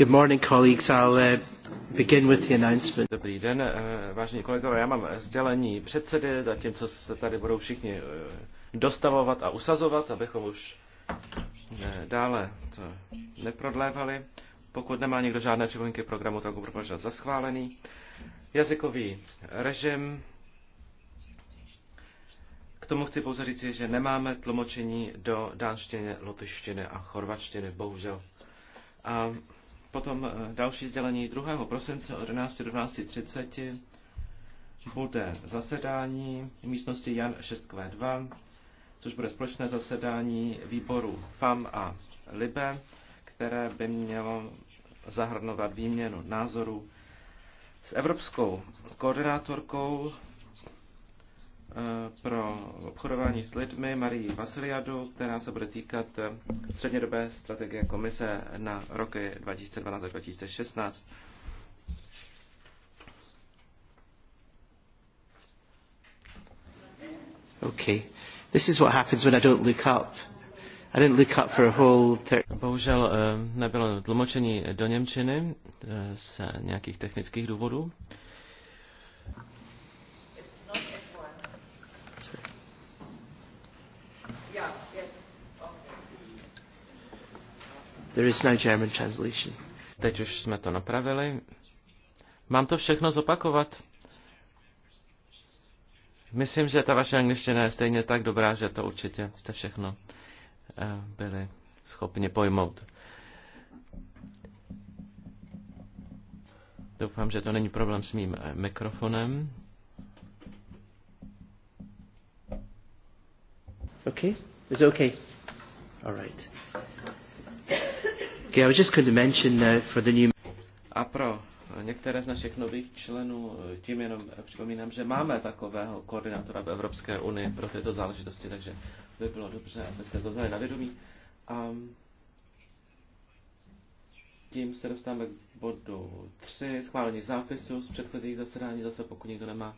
Good morning, colleagues. I'll uh, begin with the announcement. Dobrý den, eh, vážení kolegové. Já mám sdělení předsedy, zatímco se tady budou všichni eh, dostavovat a usazovat, abychom už eh, dále to neprodlévali. Pokud nemá někdo žádné připomínky programu, tak ho budu za schválený. Jazykový režim. K tomu chci pouze říct, že nemáme tlumočení do dánštiny, lotyštiny a chorvačtiny, bohužel. A Potom eh, další sdělení 2. prosince od 11 do 12.30 bude zasedání v místnosti Jan 6 2 což bude společné zasedání výboru FAM a LIBE, které by mělo zahrnovat výměnu názorů s evropskou koordinátorkou Eh, pro obchodování s lidmi Marii Vasiliadu, která se bude týkat eh, střednědobé strategie komise na roky 2012 2016. Okay. This is what happens when I don't look up. I didn't look up for a whole Bohužel eh, nebylo tlumočení do Němčiny z nějakých technických důvodů. There is no German translation. Teď už jsme to napravili. Mám to všechno zopakovat? Myslím, že ta vaše angličtina je stejně tak dobrá, že to určitě jste všechno eh, byli schopni pojmout. Doufám, že to není problém s mým eh, mikrofonem. Okay, it's okay. All right. Uh, A pro některé z našich nových členů eh, tím jenom připomínám, že máme takového koordinátora v Evropské unii pro tyto záležitosti, takže by bylo dobře, abyste to vzali na vědomí. A tím se dostáváme k bodu 3, schválení zápisu z předchozích zasedání. Zase pokud nikdo nemá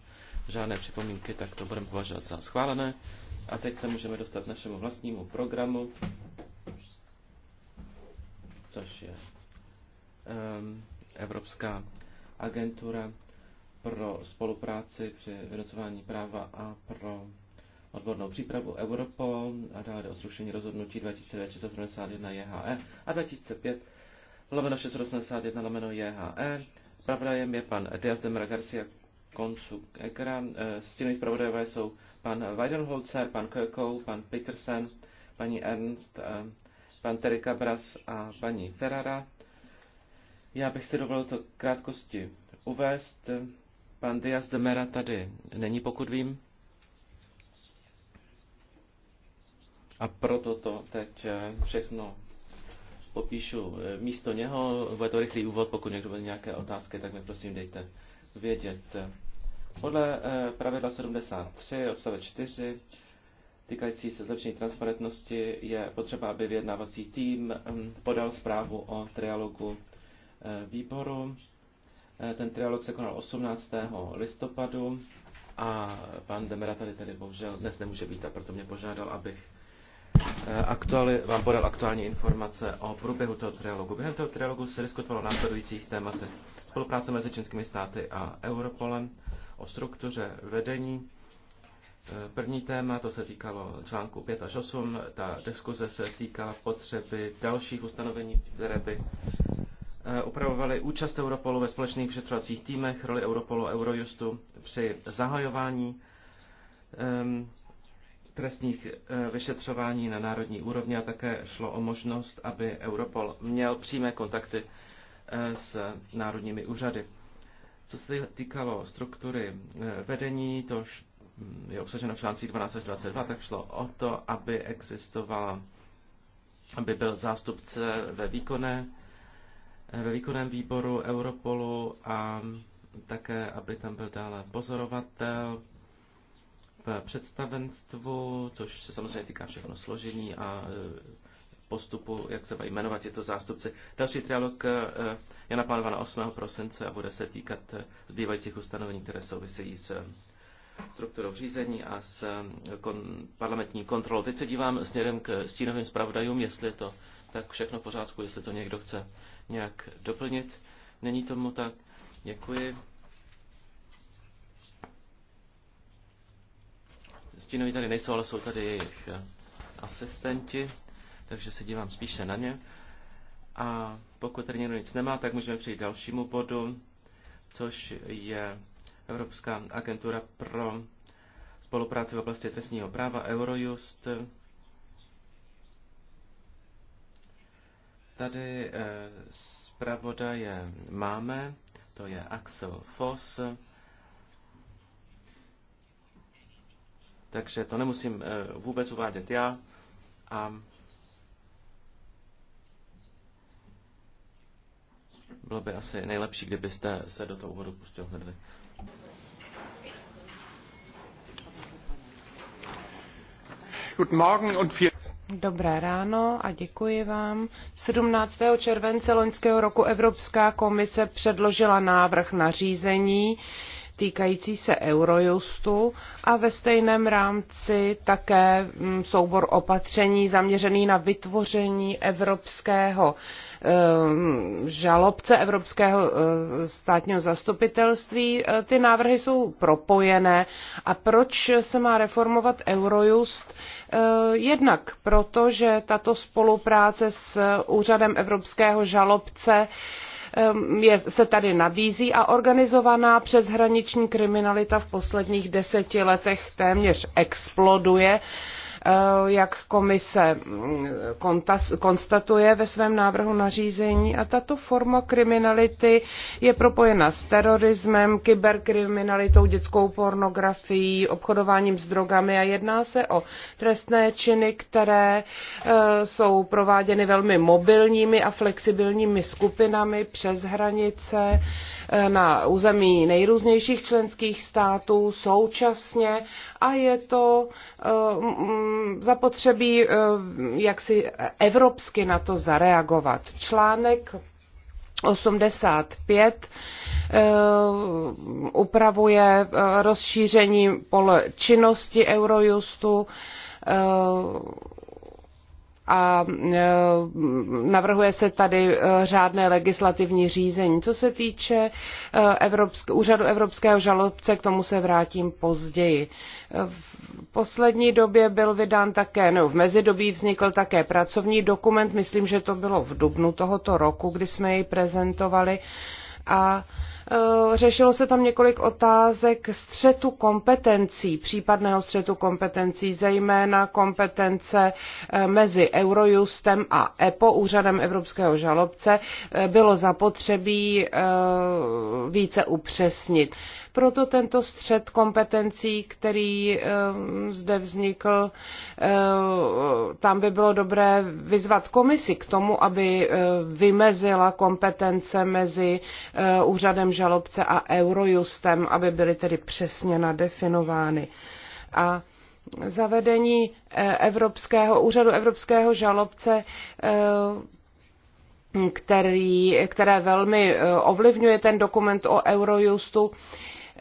žádné připomínky, tak to budeme považovat za schválené. A teď se můžeme dostat k našemu vlastnímu programu což je ehm, Evropská agentura pro spolupráci při vynocování práva a pro odbornou přípravu Europol a dále o zrušení rozhodnutí 2271 JHE a 2005 lomeno 681 lomeno JHE. Pravdajem je pan Dias de Mera Garcia koncu ekra. Eh, Stínoví zpravodajové jsou pan Weidenholzer, pan Kökou, pan Petersen, paní Ernst eh, pan Terry Cabras a paní Ferrara. Já bych si dovolil to krátkosti uvést. Pan Diaz de Mera tady není, pokud vím. A proto to teď všechno popíšu místo něho. Bude to rychlý úvod, pokud někdo bude nějaké otázky, tak mi prosím dejte vědět. Podle eh, pravidla 73 odstavec 4 týkající se zlepšení transparentnosti, je potřeba, aby vyjednávací tým mm, podal zprávu o trialogu eh, výboru. Eh, ten trialog se konal 18. listopadu a pan Demera tady tedy bohužel dnes nemůže být a proto mě požádal, abych eh, aktuali, vám podal aktuální informace o průběhu toho trialogu. Během toho trialogu se diskutovalo o následujících tématech. Spolupráce mezi českými státy a Europolem, o struktuře vedení První téma, to se týkalo článku 5 až 8. Ta diskuze se týkala potřeby dalších ustanovení, které by eh, upravovaly účast Europolu ve společných vyšetřovacích týmech, roli Europolu a Eurojustu při zahajování ehm, trestních eh, vyšetřování na národní úrovni a také šlo o možnost, aby Europol měl přímé kontakty eh, s národními úřady. Co se týkalo struktury vedení, tož je obsaženo v článcích 12 až 22, tak šlo o to, aby existovala, aby byl zástupce ve, výkonné, ve výkonném výboru Europolu a také, aby tam byl dále pozorovatel v představenstvu, což se samozřejmě týká všechno složení a e, postupu, jak se mají jmenovat tyto zástupci. Další trialog e, je naplánován 8. prosince a bude se týkat e, zbývajících ustanovení, které souvisejí s strukturou řízení a s eh, kon, parlamentní kontrolou. Teď se dívám směrem k stínovým zpravodajům, jestli je to tak všechno v pořádku, jestli to někdo chce nějak doplnit. Není tomu tak. Děkuji. Stínoví tady nejsou, ale jsou tady jejich eh, asistenti, takže se dívám spíše na ně. A pokud tady někdo nic nemá, tak můžeme přejít dalšímu bodu, což je Evropská agentura pro spolupráci v oblasti trestního práva Eurojust. Tady eh, zpravodaje máme, to je Axel Foss. Takže to nemusím eh, vůbec uvádět já. A bylo by asi nejlepší, kdybyste se do toho úvodu pustil hned. Dobré ráno a děkuji vám. 17. července loňského roku Evropská komise předložila návrh nařízení, týkající se Eurojustu a ve stejném rámci také mm, soubor opatření zaměřený na vytvoření evropského ehm, žalobce Evropského eh, státního zastupitelství. Eh, ty návrhy jsou propojené. A proč se má reformovat Eurojust? Eh, jednak proto, že tato spolupráce s úřadem Evropského žalobce Ehm, je, se tady nabízí a organizovaná přeshraniční kriminalita v posledních deseti letech téměř exploduje. Uh, Eh, jak komise mm, konstatuje ve svém návrhu nařízení. A tato forma kriminality je propojena s terorismem, kyberkriminalitou, dětskou pornografií, obchodováním s drogami a jedná se o trestné činy, které eh, jsou prováděny velmi mobilními a flexibilními skupinami přes hranice na území nejrůznějších členských států současně a je to eh, zapotřebí eh, jak si evropsky na to zareagovat. Článek 85 eh, upravuje rozšíření pole činnosti Eurojustu a e, navrhuje se tady e, řádné legislativní řízení. Co se týče e, Evropsk- úřadu Evropského žalobce, k tomu se vrátím později. V poslední době byl vydán také, no v mezidobí vznikl také pracovní dokument, myslím, že to bylo v dubnu tohoto roku, kdy jsme jej prezentovali a uh, Eh, řešilo se tam několik otázek střetu kompetencí, případného střetu kompetencí, zejména kompetence eh, mezi Eurojustem a EPO, úřadem Evropského žalobce, eh, bylo zapotřebí více upřesnit. Proto tento střed kompetencí, který eh, zde vznikl, eh, tam by bylo dobré vyzvat komisi k tomu, aby eh, vymezila kompetence mezi úřadem žalobce a Eurojustem, aby byly tedy přesně nadefinovány. A zavedení Evropského úřadu Evropského žalobce který, které velmi ovlivňuje ten dokument o Eurojustu,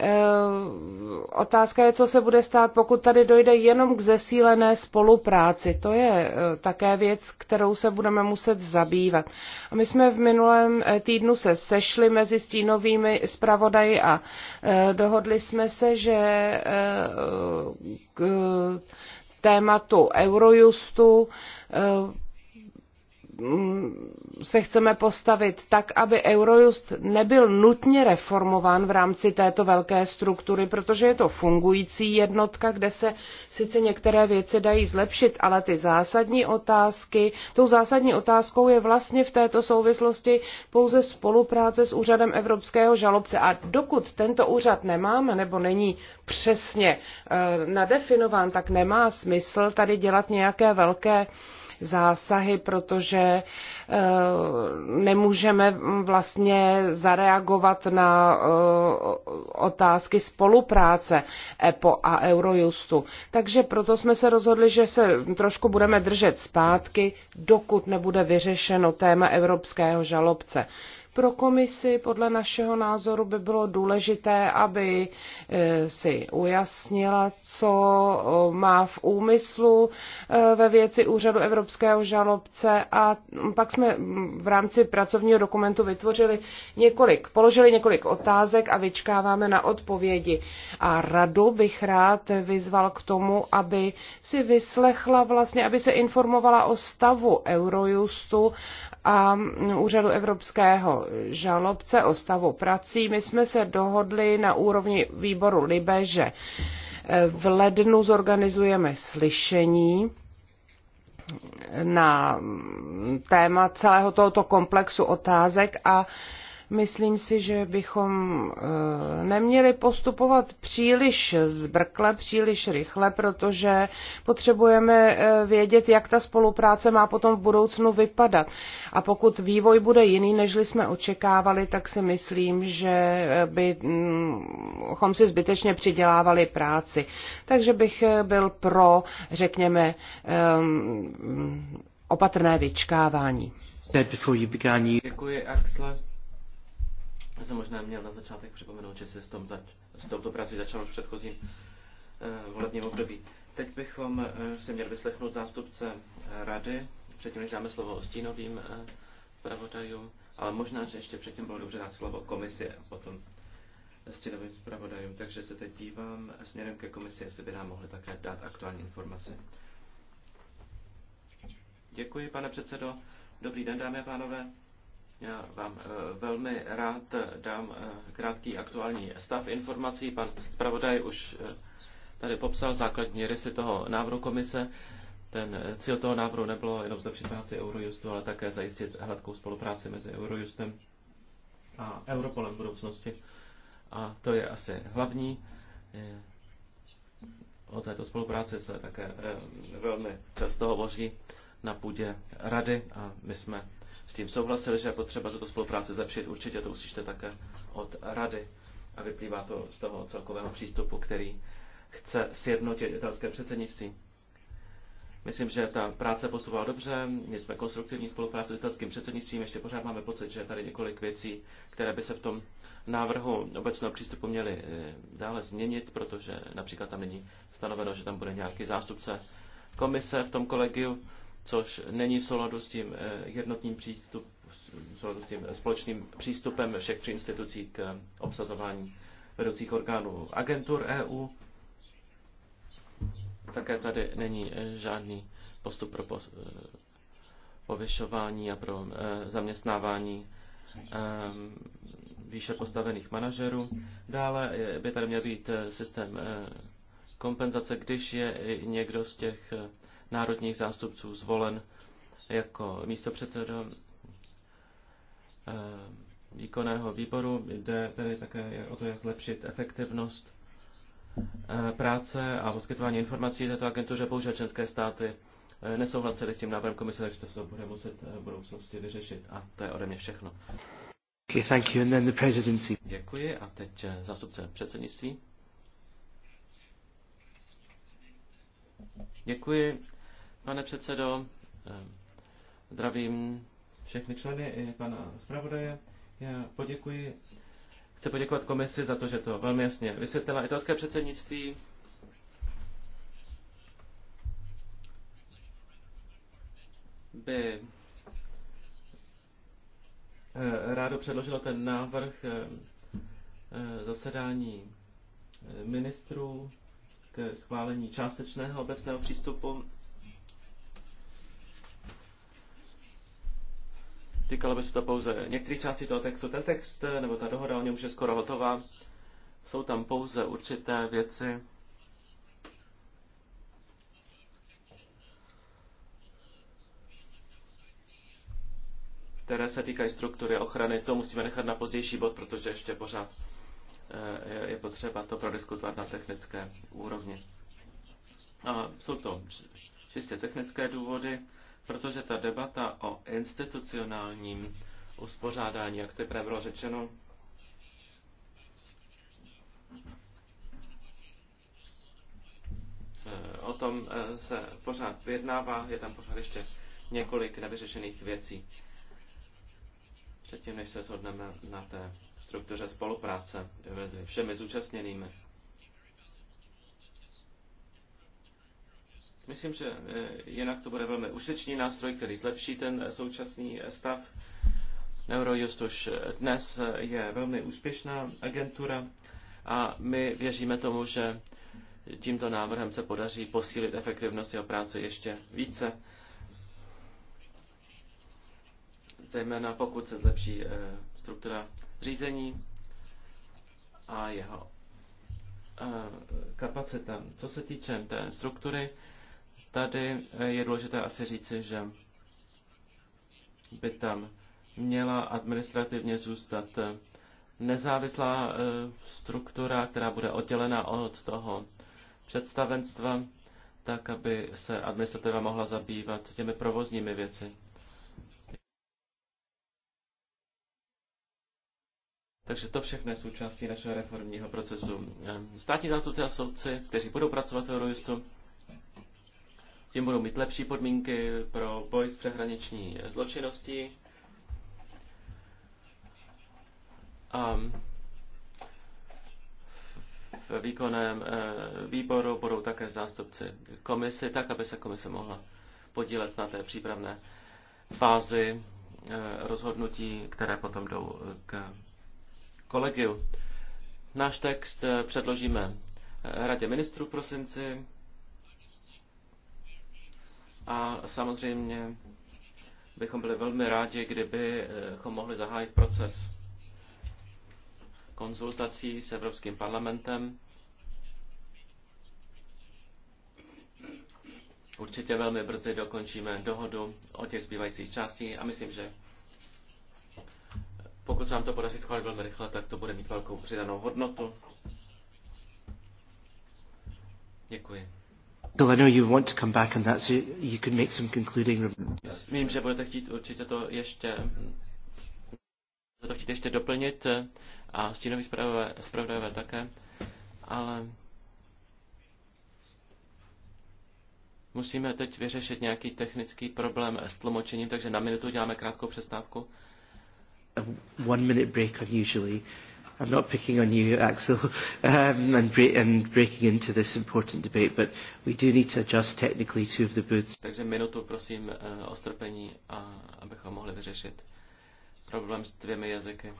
Eh, otázka je, co se bude stát, pokud tady dojde jenom k zesílené spolupráci. To je eh, také věc, kterou se budeme muset zabývat. A my jsme v minulém eh, týdnu se sešli mezi stínovými zpravodaji a dohodli jsme se, že k tématu Eurojustu se chceme postavit tak, aby Eurojust nebyl nutně reformován v rámci této velké struktury, protože je to fungující jednotka, kde se sice některé věci dají zlepšit, ale ty zásadní otázky, tou zásadní otázkou je vlastně v této souvislosti pouze spolupráce s úřadem Evropského žalobce. A dokud tento úřad nemáme nebo není přesně eh, nadefinován, tak nemá smysl tady dělat nějaké velké zásahy, protože eh, nemůžeme vlastně zareagovat na eh, otázky spolupráce EPO a Eurojustu. Takže proto jsme se rozhodli, že se trošku budeme držet zpátky, dokud nebude vyřešeno téma evropského žalobce. Pro komisi podle našeho názoru by bylo důležité, aby eh, si ujasnila, co má v úmyslu eh, ve věci úřadu Evropského žalobce a pak jsme mm, v rámci pracovního dokumentu vytvořili několik, položili několik otázek a vyčkáváme na odpovědi. A radu bych rád vyzval k tomu, aby si vyslechla vlastně, aby se informovala o stavu Eurojustu a Úřadu evropského žalobce o stavu prací. My jsme se dohodli na úrovni výboru Libe, že eh, v lednu zorganizujeme slyšení eh, na mm, téma celého tohoto komplexu otázek a Myslím si, že bychom eh, neměli postupovat příliš zbrkle, příliš rychle, protože potřebujeme eh, vědět, jak ta spolupráce má potom v budoucnu vypadat. A pokud vývoj bude jiný, než jsme očekávali, tak si myslím, že eh, bychom mm, si zbytečně přidělávali práci. Takže bych byl pro, řekněme, opatrné vyčkávání. Děkuji, Axle. Já jsem možná měl na začátek připomenout, že se s, tom zač- s touto prací začalo v předchozím uh, volebním období. Teď bychom uh, si měli vyslechnout zástupce uh, rady, předtím než dáme slovo o stínovým uh, pravodajům, ale možná, že ještě předtím bylo dobře dát slovo komisie a potom stínovým zpravodajům. Takže se teď dívám směrem ke komisi, jestli by nám mohli také dát aktuální informace. Děkuji, pane předsedo. Dobrý den, dámy a pánové. Já vám eh, velmi rád eh, dám eh, krátký aktuální stav informací. Pan zpravodaj už tady popsal základní rysy toho návrhu komise. Ten cíl toho návrhu nebylo jenom zlepšit práci Eurojustu, ale také zajistit hladkou spolupráci mezi Eurojustem a Europolem v budoucnosti. A to je asi hlavní. O této spolupráci se také velmi často hovoří na půdě rady a my jsme s tím souhlasil, že je potřeba tuto spolupráci zlepšit. Určitě to uslyšte také od rady a vyplývá to z toho celkového přístupu, který chce sjednotit italské předsednictví. Myslím, že ta práce postupovala dobře, my jsme konstruktivní spolupráci s italským předsednictvím, ještě pořád máme pocit, že je tady několik věcí, které by se v tom návrhu obecného přístupu měly eh, dále změnit, protože například tam není stanoveno, že tam bude nějaký zástupce komise v tom kolegiu což není v souladu s tím eh, jednotným přístup, v souladu s tím společným přístupem všech tří institucí k obsazování vedoucích orgánů agentur EU. Také tady není eh, žádný postup pro eh, povyšování a pro zaměstnávání výše postavených manažerů. Dále by tady měl být systém kompenzace, když je někdo z těch národních zástupců zvolen jako místopředseda eh, výkonného výboru. Jde tedy také o to, jak zlepšit efektivnost eh, práce a poskytování informací této agentuře. Bohužel české státy eh, nesouhlasili s tím návrhem komise, takže to se bude muset v budoucnosti vyřešit. A to je ode mě všechno. Okay, thank you. And then the presidency. Děkuji a teď zástupce předsednictví. Děkuji pane předsedo. Eh, zdravím všechny členy i pana zpravodaje. Já poděkuji. Chci poděkovat komisi za to, že to velmi jasně vysvětlila. Italské předsednictví by eh, rádo předložilo ten návrh eh, zasedání ministrů k schválení částečného obecného přístupu Týkalo by se to pouze některých částí toho textu. Ten text eh, nebo ta dohoda o něm už je skoro hotová. Jsou tam pouze určité věci, které se týkají struktury ochrany. To musíme nechat na pozdější bod, protože ještě pořád eh, je potřeba to prodiskutovat na technické úrovni. A jsou to čistě technické důvody protože ta debata o institucionálním uspořádání, jak teprve bylo řečeno, eh, o tom eh, se pořád vyjednává, je tam pořád ještě několik nevyřešených věcí. Předtím, než se shodneme na té struktuře spolupráce mezi všemi zúčastněnými. Myslím, že eh, jinak to bude velmi užitečný nástroj, který zlepší ten eh, současný eh, stav. Eurojust už dnes je velmi úspěšná agentura a my věříme tomu, že tímto návrhem se podaří posílit efektivnost jeho práce ještě více, zejména pokud se zlepší struktura řízení a jeho kapacita. Co se týče té struktury, Tady eh, je důležité asi říci, že by tam měla administrativně zůstat eh, nezávislá eh, struktura, která bude oddělena od toho představenstva, tak aby se administrativa mohla zabývat těmi provozními věci. Takže to všechno je součástí našeho reformního procesu. Státní zástupci a soudci, kteří budou pracovat v Eurojustu, tím budou mít lepší podmínky pro boj s přehraniční zločinností. A v výkonném eh, výboru budou také zástupci komisy, tak aby se komise mohla podílet na té přípravné fázi eh, rozhodnutí, které potom jdou k kolegiu. Náš text eh, předložíme Radě ministrů v prosinci. A samozřejmě bychom byli velmi rádi, kdybychom mohli zahájit proces konzultací s Evropským parlamentem. Určitě velmi brzy dokončíme dohodu o těch zbývajících částí a myslím, že pokud se nám to podaří schválit velmi rychle, tak to bude mít velkou přidanou hodnotu. Děkuji. Myslím, že budete chtít určitě to ještě to chtít ještě doplnit eh, a stínový zpravodajové, také, ale musíme teď vyřešit nějaký technický problém s tlumočením, takže na minutu děláme krátkou přestávku. A one minute break unusually. I'm not picking on you, Axel, um, and, bre- and breaking into this important debate, but we do need to adjust technically two of the booths. Takže minutu, prosím, uh, o strpení, a abychom mohli vyřešit problém s dvěmi jazyky.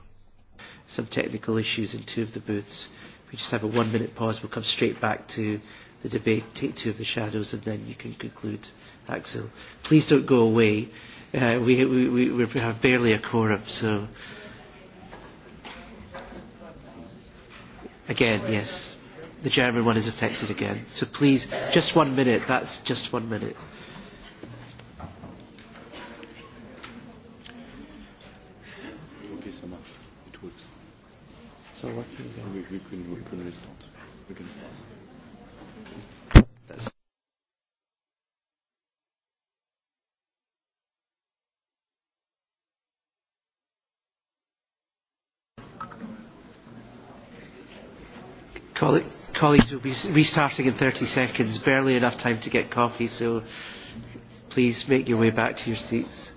Some technical issues in two of the booths. We just have a one-minute pause. We'll come straight back to the debate, take two of the shadows, and then you can conclude, Axel. Please don't go away. Uh, we, we, we, we have barely a quorum, so... Again, yes. The German one is affected again. So please, just one minute. That's just one minute. Okay, ça marche. It works. So what can we, we, can, we can restart. We can start. colleagues will be restarting in 30 seconds, barely enough time to get coffee, so please make your way back to your seats.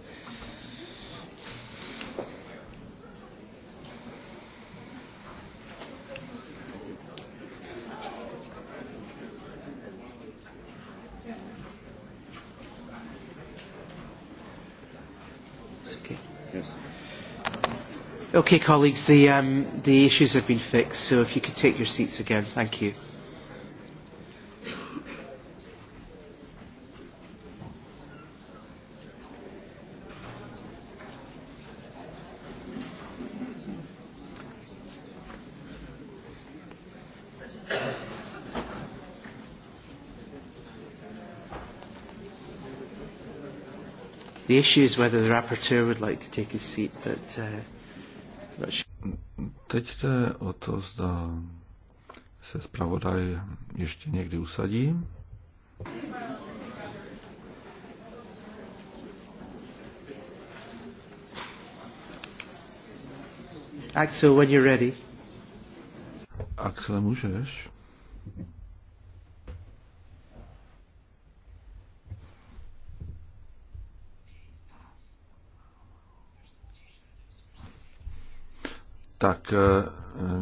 Okay, colleagues, the, um, the issues have been fixed, so if you could take your seats again. Thank you. The issue is whether the rapporteur would like to take his seat, but uh, Teď jde o to, zda se zpravodaj ještě někdy usadí. Axel, when you're ready. Axel, můžeš? tak eh,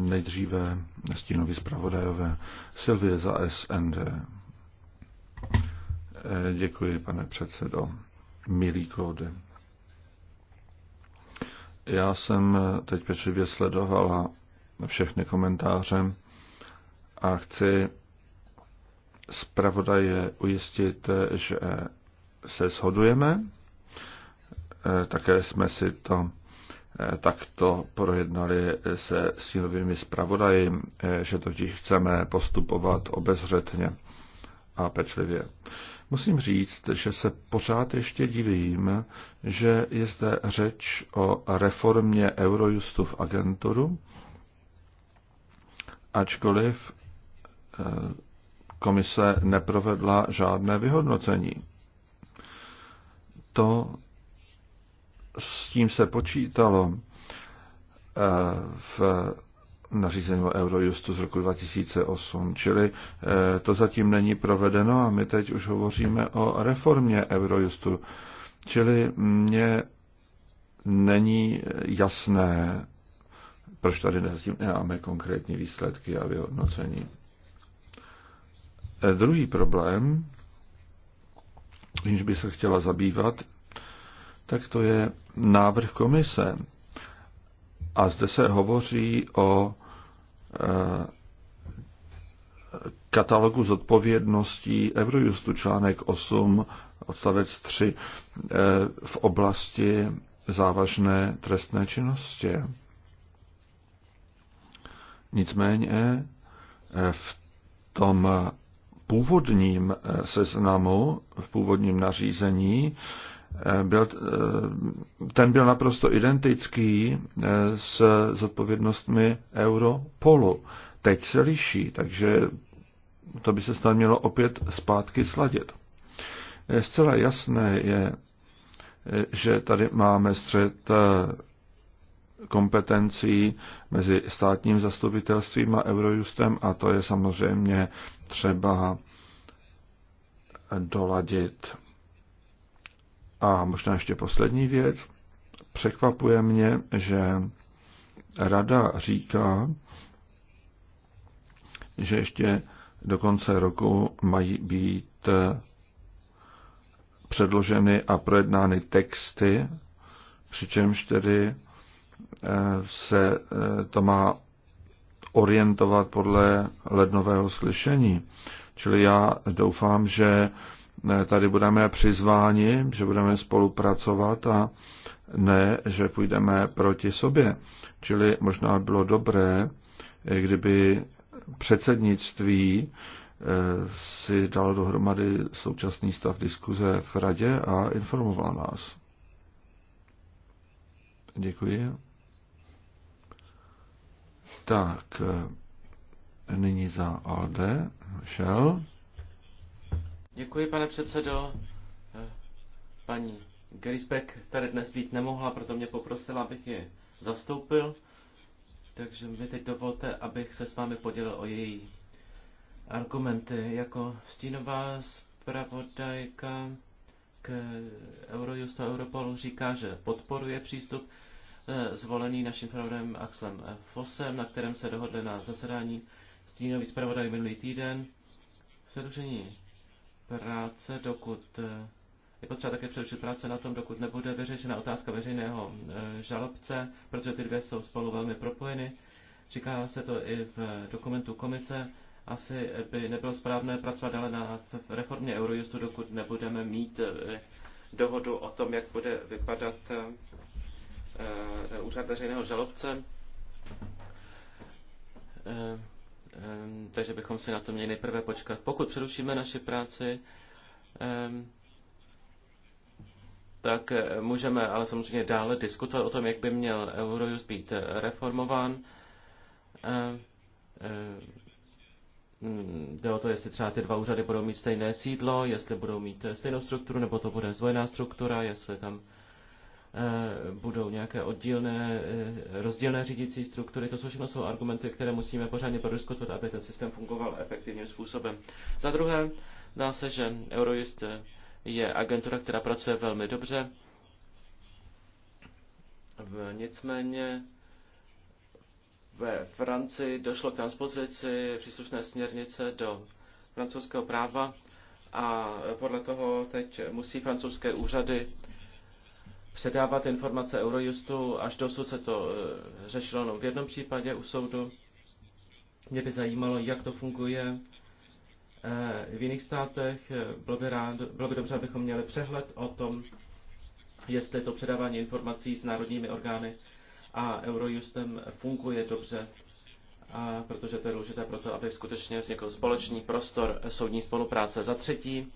nejdříve stínovi zpravodajové Silvie za SND. Eh, děkuji, pane předsedo. Milý kódy. Já jsem eh, teď pečlivě sledovala všechny komentáře a chci zpravodaje ujistit, že se shodujeme. Také jsme si to Eh, takto projednali se sílovými zpravodaji, eh, že totiž chceme postupovat obezřetně a pečlivě. Musím říct, že se pořád ještě divím, že je zde řeč o reformě Eurojustu v agenturu, ačkoliv eh, komise neprovedla žádné vyhodnocení. To s tím se počítalo eh, v nařízení o Eurojustu z roku 2008, čili eh, to zatím není provedeno a my teď už hovoříme o reformě Eurojustu. Čili mně není jasné, proč tady zatím nemáme konkrétní výsledky a vyhodnocení. Eh, druhý problém, když by se chtěla zabývat, tak to je návrh komise. A zde se hovoří o eh, katalogu zodpovědností Eurojustu článek 8 odstavec 3 eh, v oblasti závažné trestné činnosti. Nicméně eh, v tom původním seznamu, v původním nařízení Eh, byl, eh, ten byl naprosto identický eh, s zodpovědnostmi Europolu. Teď se liší, takže to by se snad mělo opět zpátky sladit. Zcela jasné je, že tady máme střed kompetencí mezi státním zastupitelstvím a Eurojustem a to je samozřejmě třeba doladit. A možná ještě poslední věc. Překvapuje mě, že rada říká, že ještě do konce roku mají být eh, předloženy a projednány texty, přičemž tedy eh, se eh, to má orientovat podle lednového slyšení. Čili já doufám, že tady budeme přizváni, že budeme spolupracovat a ne, že půjdeme proti sobě. Čili možná bylo dobré, kdyby předsednictví eh, si dalo dohromady současný stav diskuze v radě a informoval nás. Děkuji. Tak, eh, nyní za Alde šel. Děkuji, pane předsedo. Eh, paní Grisbeck tady dnes být nemohla, proto mě poprosila, abych ji zastoupil. Takže mi teď dovolte, abych se s vámi podělil o její argumenty jako stínová zpravodajka k Eurojustu a Europolu říká, že podporuje přístup eh, zvolený naším pravdem Axlem Fosem, na kterém se dohodli na zasedání stínový zpravodaj minulý týden. Předložení práce, dokud eh, je potřeba také přerušit práce na tom, dokud nebude vyřešena otázka veřejného eh, žalobce, protože ty dvě jsou spolu velmi propojeny. Říká se to i v dokumentu komise. Asi by nebylo správné pracovat dále na reformě Eurojustu, dokud nebudeme mít eh, dohodu o tom, jak bude vypadat úřad veřejného žalobce takže bychom si na to měli nejprve počkat. Pokud přerušíme naši práci, tak eh, můžeme ale samozřejmě dále diskutovat o tom, jak by měl Eurojust být eh, reformován. Eh, jde o to, jestli třeba ty dva úřady budou mít stejné sídlo, jestli budou mít stejnou strukturu, nebo to bude zdvojená struktura, jestli tam Eh, budou nějaké oddílné, eh, rozdílné řídící struktury. To všechno jsou argumenty, které musíme pořádně prodiskutovat, aby ten systém fungoval efektivním způsobem. Za druhé, dá se, že Eurojust eh, je agentura, která pracuje velmi dobře. Nicméně ve Francii došlo k transpozici příslušné směrnice do francouzského práva a podle toho teď musí francouzské úřady předávat informace Eurojustu. Až dosud se to eh, řešilo jenom v jednom případě u soudu. Mě by zajímalo, jak to funguje eh, v jiných státech. Bylo by, rád, bylo by dobře, abychom měli přehled o tom, jestli to předávání informací s národními orgány a Eurojustem funguje dobře, a protože to je důležité pro to, aby skutečně vznikl společný prostor soudní spolupráce. Za třetí,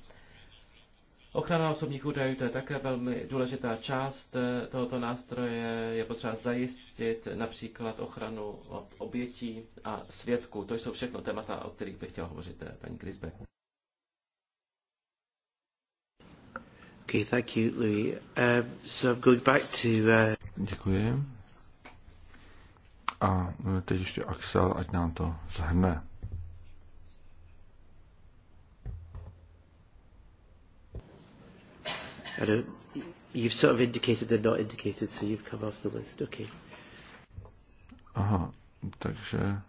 Ochrana osobních údajů to je také velmi důležitá část eh, tohoto nástroje. Je potřeba zajistit například ochranu od obětí a svědků. To jsou všechno témata, o kterých bych chtěl hovořit, eh, paní Grisbeck. Okay, thank you, Louis. Uh, so I'm going back to... Uh... Děkuji. A teď ještě Axel, ať nám to zhrne. I don't, you've sort of indicated they're not indicated, so you've come off the list. Okay. Aha, takže...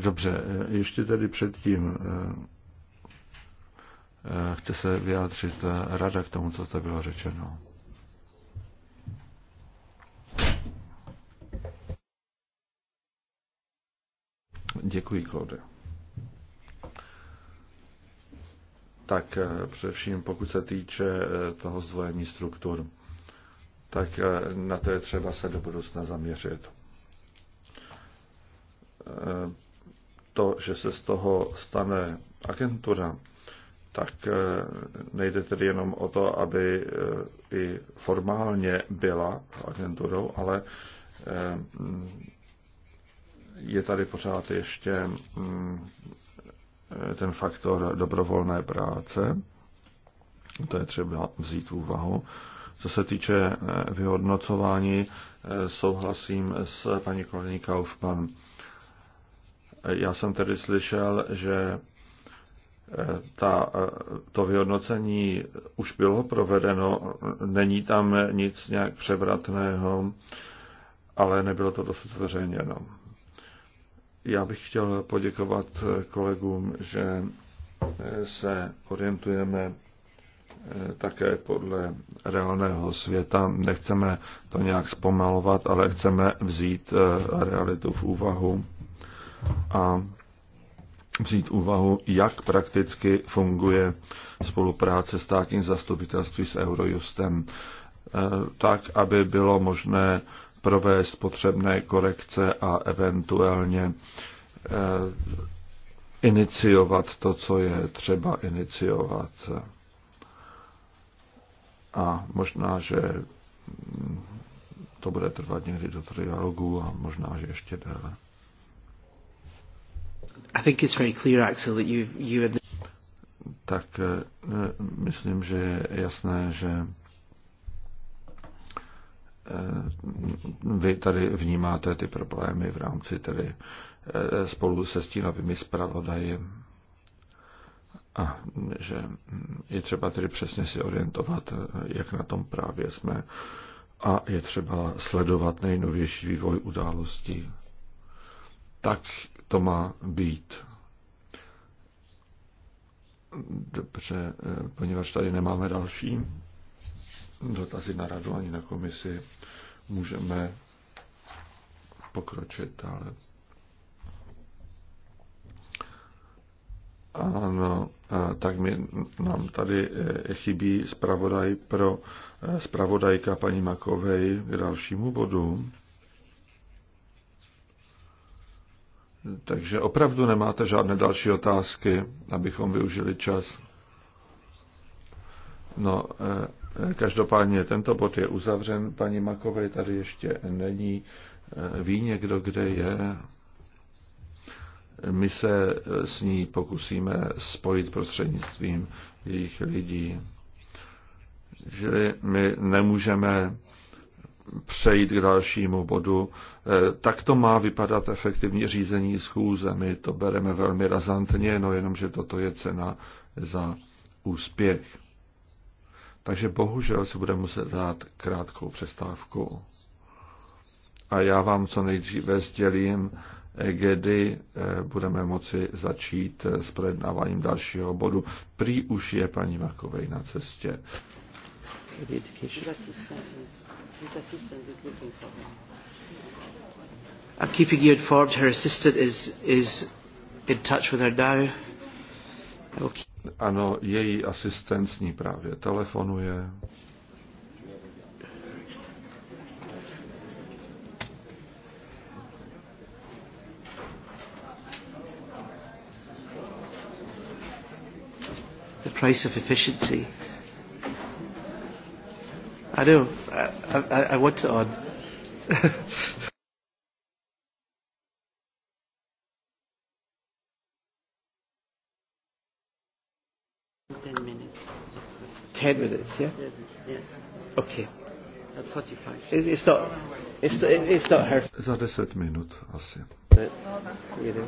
Dobře, eh, ještě tady předtím eh, eh, chce se vyjádřit rada k tomu, co zde bylo řečeno. Děkuji, Claude. tak eh, především pokud se týče eh, toho zdvojení struktur, tak eh, na to je třeba se do budoucna zaměřit. To, že se z toho stane agentura, tak nejde tedy jenom o to, aby i formálně byla agenturou, ale je tady pořád ještě mm, Eh, ten faktor dobrovolné práce, to je třeba vzít v úvahu. Co se týče eh, vyhodnocování, eh, souhlasím s paní kolegyní Kaufmann. Já jsem tedy slyšel, že ta, to vyhodnocení už bylo provedeno, není tam nic nějak převratného, ale nebylo to dosud zveřejněno. Já bych chtěl poděkovat kolegům, že se orientujeme eh, také podle reálného světa. Nechceme to nějak zpomalovat, ale chceme vzít eh, realitu v úvahu a vzít v úvahu, jak prakticky funguje spolupráce státních zastupitelství s Eurojustem, eh, tak, aby bylo možné provést potřebné korekce a eventuálně eh, iniciovat to, co je třeba iniciovat. A možná, že to bude trvat někdy do trialogu a možná, že ještě déle. I think it's very clear, Axel, that you, you have. Tak eh, myslím, že je jasné, že Eh, vy tady vnímáte ty problémy v rámci tedy eh, spolu se stínovými zpravodaji a že je třeba tedy přesně si orientovat, eh, jak na tom právě jsme a je třeba sledovat nejnovější vývoj událostí. Tak to má být. Dobře, poněvadž tady nemáme další dotazy na radu ani na komisi, můžeme pokročit dále. Ano, tak mi, nám tady e, chybí zpravodaj pro e, zpravodajka paní Makovej k dalšímu bodu. Takže opravdu nemáte žádné další otázky, abychom využili čas. No, e, Každopádně tento bod je uzavřen. Paní Makové tady ještě není. Ví někdo, kde je? My se s ní pokusíme spojit prostřednictvím jejich lidí. Že my nemůžeme přejít k dalšímu bodu. Tak to má vypadat efektivní řízení schůze. My to bereme velmi razantně, no jenomže toto je cena za úspěch. Takže bohužel se bude muset dát krátkou přestávku. A já vám co nejdříve sdělím, kdy eh, budeme moci začít eh, s projednáváním dalšího bodu. Prý už je paní Makovej na cestě. A keeping you informed. Her assistant is, is in touch with her now. Okay. Ano, její asistent s ní právě telefonuje. The price of efficiency. I know. I, I, I want it on. Ten minutes, yeah? Okay. At 45. It's not, it's, not, it's not her. Za deset minut asi. But, uh, you know.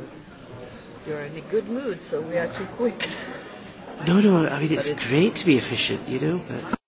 You're in a good mood, so we are too quick. No, no, I mean, it's great to be efficient, you know, but...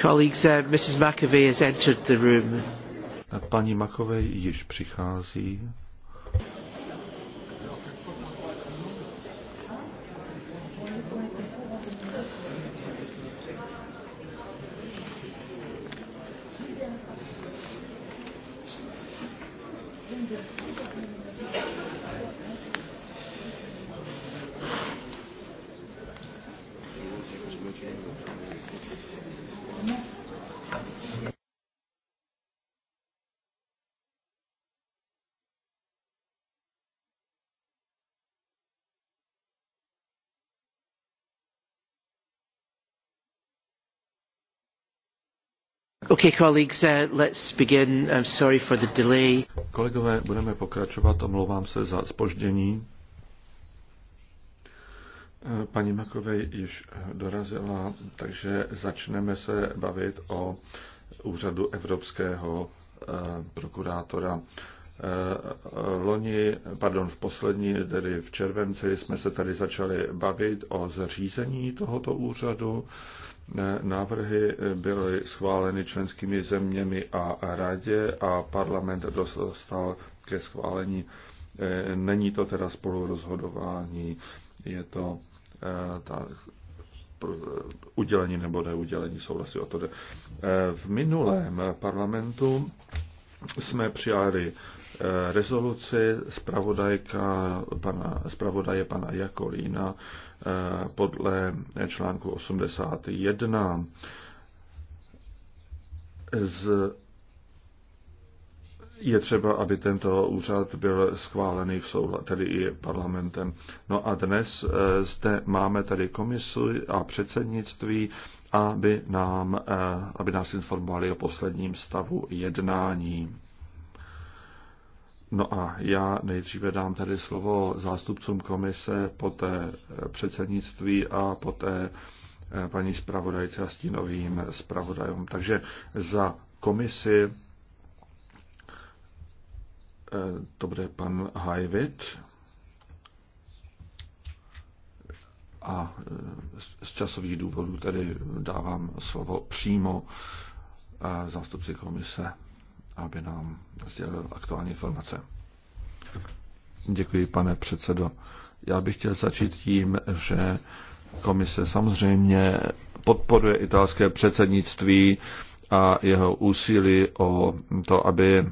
colleagues, uh, Mrs. McAvey has entered the room. Paní Makovej již přichází. Okay, colleagues, uh, let's begin. I'm sorry for the delay. Kolegové, budeme pokračovat. Omlouvám se za spoždění. Eh, paní Makovej již dorazila, takže začneme se bavit o úřadu evropského eh, prokurátora. Eh, loni, pardon, v poslední, tedy v červenci, jsme se tady začali bavit o zřízení tohoto úřadu návrhy byly schváleny členskými zeměmi a radě a parlament dostal ke schválení. E, není to teda spolu rozhodování, je to e, ta udělení nebo neudělení souhlasu o to jde. E, v minulém parlamentu jsme přijali Eh, rezoluci zpravodajka pana, zpravodaje pana Jakolína eh, podle článku 81 z je třeba, aby tento úřad byl schválený v souladu, tedy i parlamentem. No a dnes eh, zde máme tady komisu a předsednictví, aby, nám, aby nás informovali o posledním stavu jednání. No a já nejdříve dám tady slovo zástupcům komise, poté předsednictví a poté eh, paní zpravodajce a stínovým zpravodajům. Takže za komisi eh, to bude pan Hajvit a eh, z časových důvodů tedy dávám slovo přímo zástupci komise aby nám sdělil aktuální informace. Děkuji, pane předsedo. Já bych chtěl začít tím, že komise samozřejmě podporuje italské předsednictví a jeho úsilí o to, aby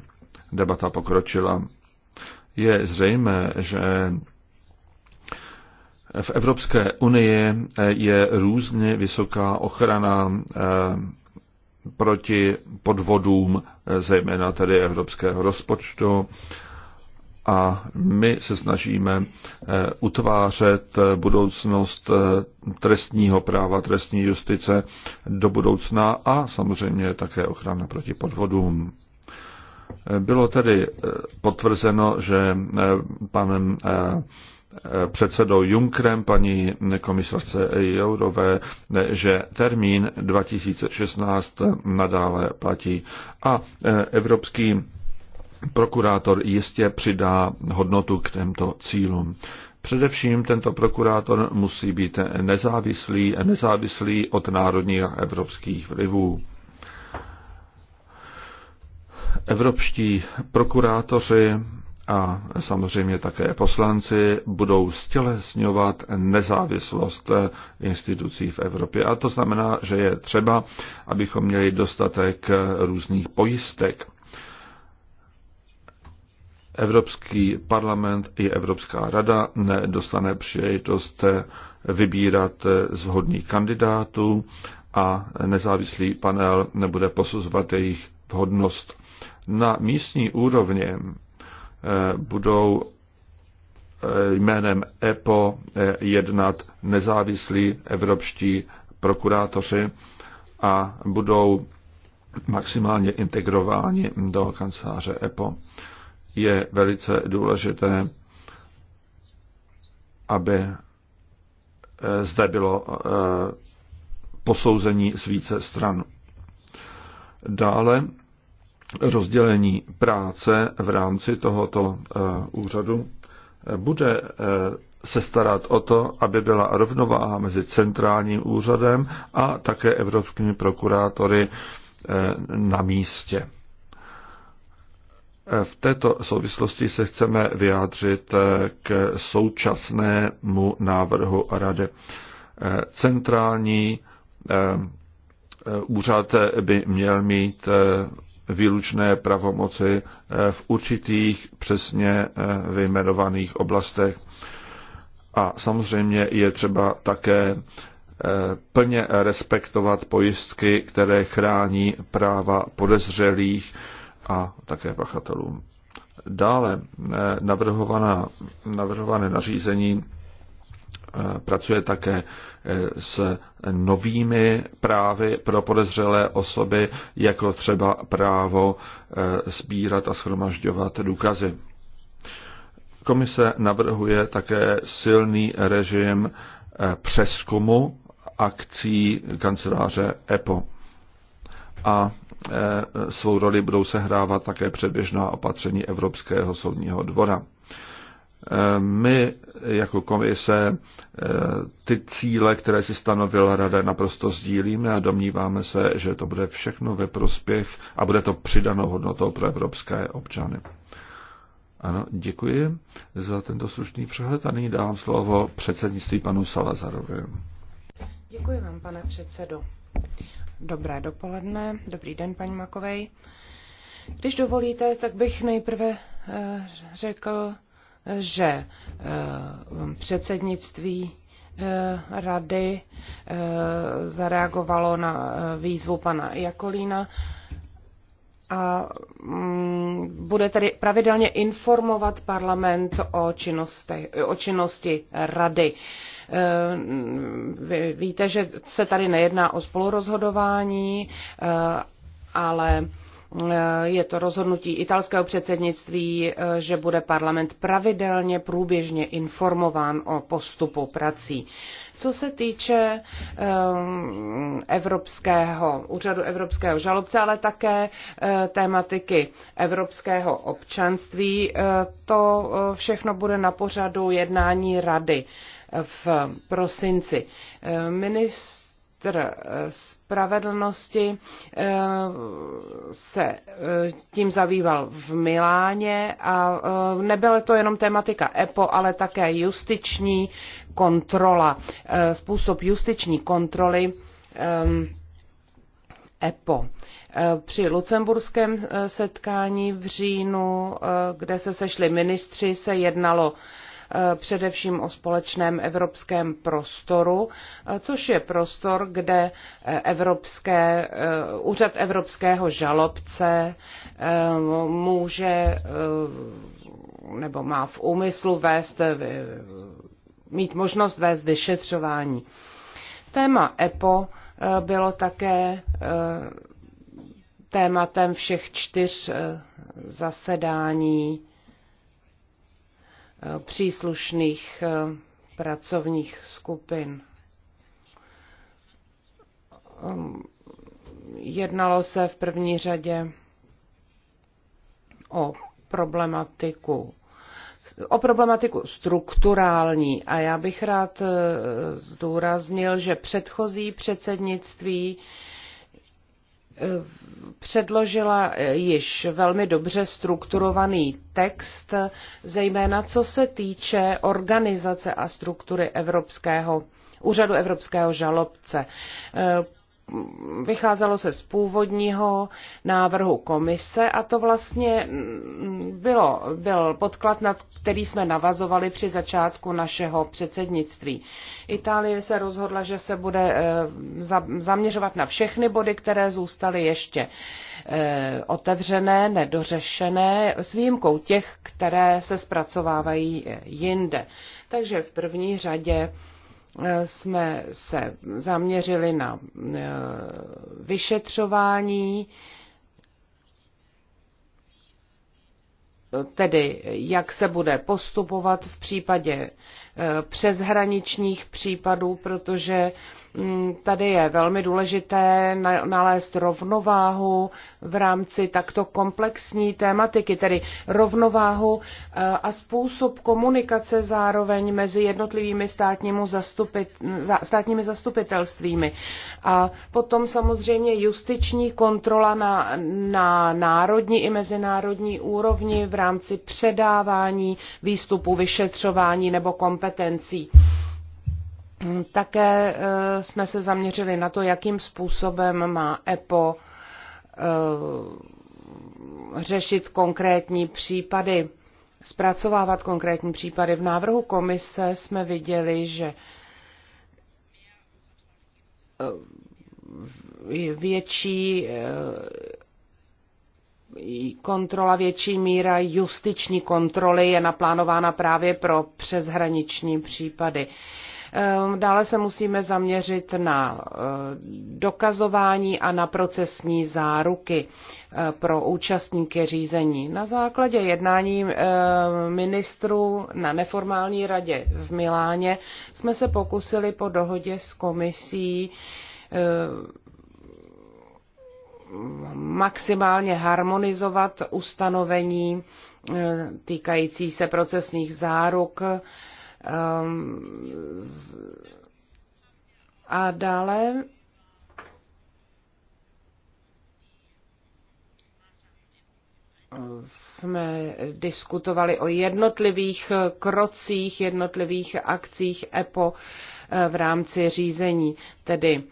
debata pokročila. Je zřejmé, že v Evropské unii je různě vysoká ochrana eh, proti podvodům, eh, zejména tedy evropského rozpočtu. A my se snažíme eh, utvářet eh, budoucnost trestního práva, trestní justice do budoucna a samozřejmě také ochrana proti podvodům. Bylo tedy potvrzeno, že panem Eh, předsedou Junkrem, paní komisarce Jourové, eh, že termín 2016 nadále platí. A eh, Evropský prokurátor jistě přidá hodnotu k těmto cílům. Především tento prokurátor musí být nezávislý, nezávislý od národních a evropských vlivů. Evropští prokurátoři a samozřejmě také poslanci budou stělesňovat nezávislost institucí v Evropě. A to znamená, že je třeba, abychom měli dostatek různých pojistek. Evropský parlament i Evropská rada nedostane příležitost vybírat z vhodných kandidátů a nezávislý panel nebude posuzovat jejich vhodnost. Na místní úrovni Eh, budou eh, jménem EPO jednat nezávislí evropští prokurátoři a budou maximálně integrováni do kanceláře EPO. Je velice důležité, aby eh, zde bylo posouzení z více stran. Dále rozdělení práce v rámci tohoto eh, úřadu eh, bude eh, se starat o to, aby byla rovnováha mezi centrálním úřadem a také evropskými prokurátory na místě. V této souvislosti se chceme vyjádřit k současnému návrhu Rady. Centrální úřad by měl mít výlučné pravomoci eh, v určitých přesně eh, vyjmenovaných oblastech. A samozřejmě je třeba také eh, plně respektovat pojistky, které chrání práva podezřelých a také pachatelům. Dále navrhovaná, navrhované nařízení Eh, pracuje také eh, s novými právy pro podezřelé osoby, jako třeba právo eh, sbírat a schromažďovat důkazy. Komise navrhuje také silný režim přeskumu akcí kanceláře EPO. A svou roli budou sehrávat také předběžná opatření Evropského soudního dvora. My jako komise eh, ty cíle, které si stanovila rada, naprosto sdílíme a domníváme se, že to bude všechno ve prospěch a bude to přidanou hodnotou pro evropské občany. Ano, děkuji za tento slušný přehled a nyní dávám slovo předsednictví panu Salazarovi. Děkuji vám, pane předsedo. Dobré dopoledne, dobrý den, paní Makovej. Když dovolíte, tak bych nejprve eh, řekl že eh, předsednictví eh, rady eh, zareagovalo na výzvu pana Jakolína a mm, bude tedy pravidelně informovat parlament o činnosti, o činnosti rady. Vy víte, že se tady nejedná o spolurozhodování, ale je to rozhodnutí italského předsednictví, že bude parlament pravidelně průběžně informován o postupu prací. Co se týče eh, Evropského úřadu Evropského žalobce, ale také eh, tématiky Evropského občanství, eh, to všechno bude na pořadu jednání rady v prosinci. Ministr ministr eh, spravedlnosti eh, se eh, tím zabýval v Miláně a nebyla to jenom tematika EPO, ale také justiční kontrola, způsob justiční kontroly ehm, EPO. Při lucemburském setkání v říjnu, kde se sešli ministři, se jednalo Eh, především o společném evropském prostoru, eh, což je prostor, kde eh, Evropské, úřad evropského žalobce může nebo má v úmyslu vést, mít možnost vést vyšetřování. Téma EPO bylo také tématem všech čtyř zasedání příslušných eh, pracovních skupin. Um, jednalo se v první řadě o problematiku o problematiku strukturální a já bych rád eh, zdůraznil, že předchozí předsednictví předložila již velmi dobře strukturovaný text, zejména co se týče organizace a struktury Evropského úřadu Evropského žalobce vycházelo se z původního návrhu komise a to vlastně bylo, byl podklad, na který jsme navazovali při začátku našeho předsednictví. Itálie se rozhodla, že se bude eh, zaměřovat na všechny body, které zůstaly ještě eh, otevřené, nedořešené, s výjimkou těch, které se zpracovávají eh, jinde. Takže v první řadě jsme se zaměřili na eh, vyšetřování, tedy jak se bude postupovat v případě přeshraničních případů, protože mm, tady je velmi důležité nalézt rovnováhu v rámci takto komplexní tématiky, tedy rovnováhu eh, a způsob komunikace zároveň mezi jednotlivými státnímu zastupit, státními zastupitelstvími. A potom samozřejmě justiční kontrola na, na národní i mezinárodní úrovni v rámci předávání výstupu, vyšetřování nebo kompetence kompetencí. Také eh, jsme se zaměřili na to, jakým způsobem má EPO eh, řešit konkrétní případy, zpracovávat konkrétní případy. V návrhu komise jsme viděli, že eh, větší kontrola, větší míra justiční kontroly je naplánována právě pro přeshraniční případy. Ehm, dále se musíme zaměřit na eh, dokazování a na procesní záruky eh, pro účastníky řízení. Na základě jednání eh, ministrů na neformální radě v Miláně jsme se pokusili po dohodě s komisí maximálně harmonizovat ustanovení eh, týkající se procesních záruk ehm, a dále jsme diskutovali o jednotlivých krocích, jednotlivých akcích EPO eh, v rámci řízení, tedy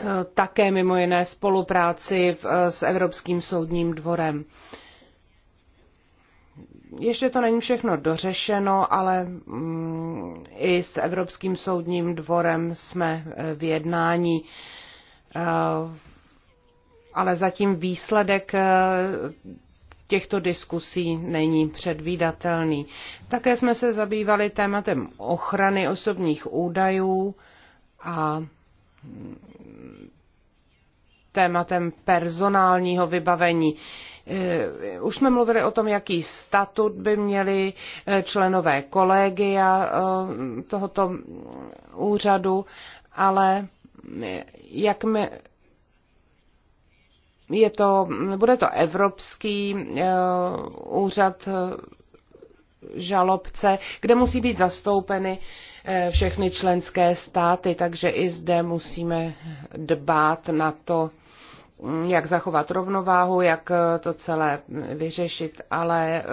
Eh, také mimo jiné spolupráci eh, s Evropským soudním dvorem. Ještě to není všechno dořešeno, ale mm, i s Evropským soudním dvorem jsme eh, v jednání. Ale zatím výsledek těchto diskusí není předvídatelný. Také jsme se zabývali tématem ochrany osobních údajů a tématem personálního vybavení. Eh, už jsme mluvili o tom, jaký statut by měli eh, členové kolegia eh, tohoto úřadu, ale jak my, je to, bude to Evropský úřad žalobce, kde musí být zastoupeny eh, všechny členské státy, takže i zde musíme dbát na to, mm, jak zachovat rovnováhu, jak eh, to celé mm, vyřešit, ale eh,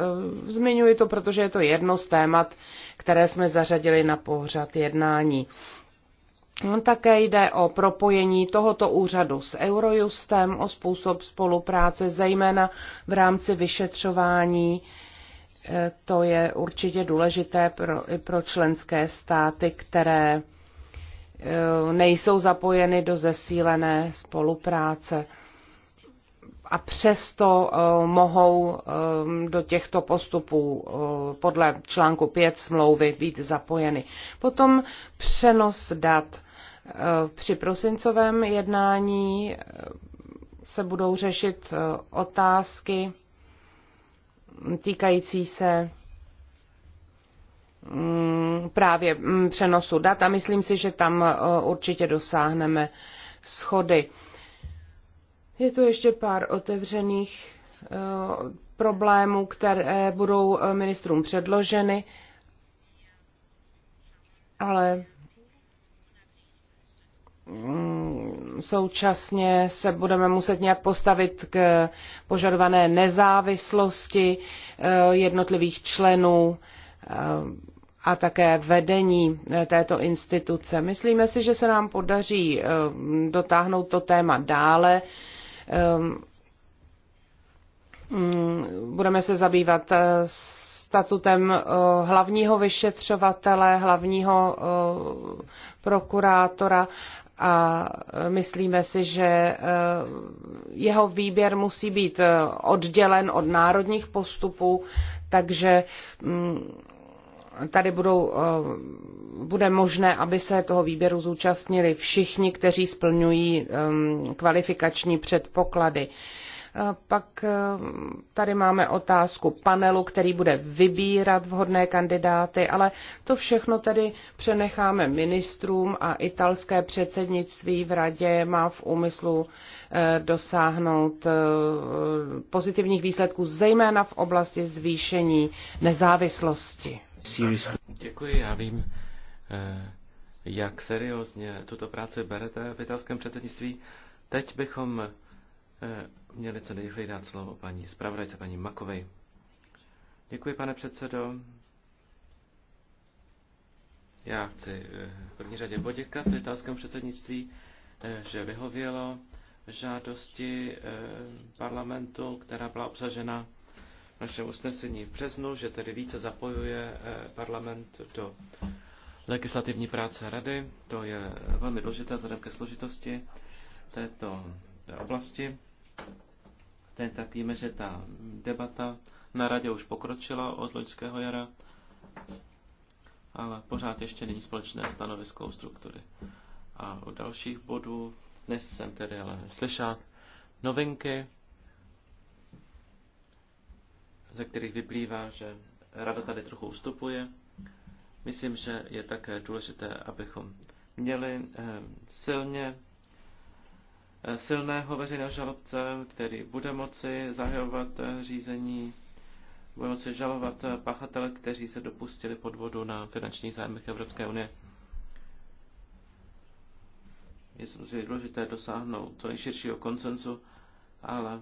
zmiňuji to, protože je to jedno z témat, které jsme zařadili na pořad jednání. No, také jde o propojení tohoto úřadu s Eurojustem, o způsob spolupráce, zejména v rámci vyšetřování to je určitě důležité pro, i pro členské státy, které e, nejsou zapojeny do zesílené spolupráce a přesto e, mohou e, do těchto postupů podle článku 5 smlouvy být zapojeny. Potom přenos dat. Při prosincovém jednání se budou řešit otázky týkající se mm, právě mm, přenosu dat a myslím si, že tam e, určitě dosáhneme schody. Je tu ještě pár otevřených e, problémů, které budou e, ministrům předloženy, ale Mm, současně se budeme muset nějak postavit k požadované nezávislosti eh, jednotlivých členů eh, a také vedení eh, této instituce. Myslíme si, že se nám podaří dotáhnout to téma dále. Mm, budeme se zabývat statutem hlavního vyšetřovatele, hlavního prokurátora a e, myslíme si, že e, jeho výběr musí být e, oddělen od národních postupů, takže mm, tady budou, bude možné, aby se toho výběru zúčastnili všichni, kteří splňují kvalifikační předpoklady. Eh, pak eh, tady máme otázku panelu, který bude vybírat vhodné kandidáty, ale to všechno tedy přenecháme ministrům a italské předsednictví v radě má v úmyslu eh, dosáhnout pozitivních výsledků, zejména v oblasti zvýšení nezávislosti. Děkuji, já vím, jak seriózně tuto práci berete v italském předsednictví. Teď bychom měli co nejrychleji dát slovo paní zpravodajce, paní Makovej. Děkuji, pane předsedo. Já chci eh, v první řadě poděkat italskému předsednictví, eh, že vyhovělo žádosti eh, parlamentu, která byla obsažena v našem usnesení v březnu, že tedy více zapojuje parlament do legislativní práce rady. To je velmi důležité vzhledem ke složitosti této oblasti. Ten tak víme, že ta debata na radě už pokročila od loňského jara, ale pořád ještě není společné stanovisko struktury. A u dalších bodů dnes jsem tedy ale slyšel novinky, ze kterých vyplývá, že rada tady trochu ustupuje. Myslím, že je také důležité, abychom měli eh, silně silného veřejného žalobce, který bude moci zahajovat řízení, bude moci žalovat pachatele, kteří se dopustili podvodu na finančních zájmech Evropské unie. Je samozřejmě důležité dosáhnout co nejširšího konsenzu, ale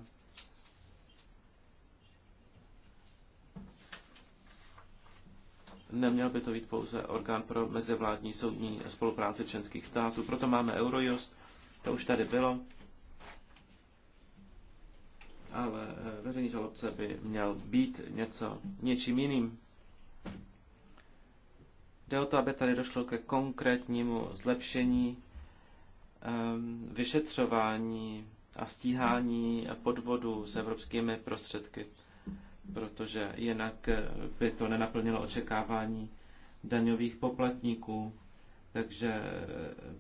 neměl by to být pouze orgán pro mezivládní soudní spolupráci členských států. Proto máme Eurojust, to už tady bylo. Ale eh, veřejný žalobce by měl být něco, něčím jiným. Jde o to, aby tady došlo ke konkrétnímu zlepšení ehm, vyšetřování a stíhání podvodu s evropskými prostředky, protože jinak eh, by to nenaplnilo očekávání daňových poplatníků. Takže eh,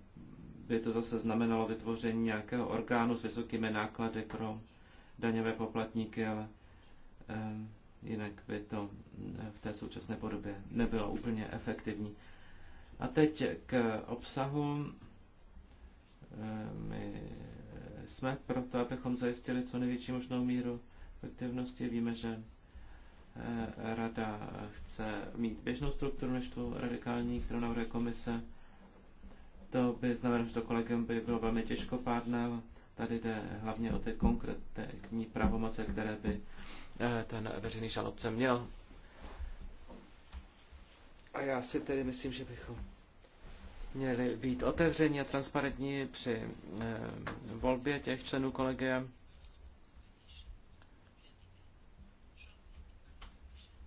by to zase znamenalo vytvoření nějakého orgánu s vysokými náklady pro daňové poplatníky, ale ehm, jinak by to eh, v té současné podobě nebylo úplně efektivní. A teď k obsahu. Ehm, my jsme proto, abychom zajistili co největší možnou míru efektivnosti. Víme, že eh, rada chce mít běžnou strukturu než tu radikální, kterou navrhuje komise. To by znamenalo, že to kolegem by bylo velmi těžkopádné. Tady jde hlavně o ty konkrétní pravomoce, které by eh, ten veřejný žalobce měl. A já si tedy myslím, že bychom měli být otevření a transparentní při eh, volbě těch členů kolegie.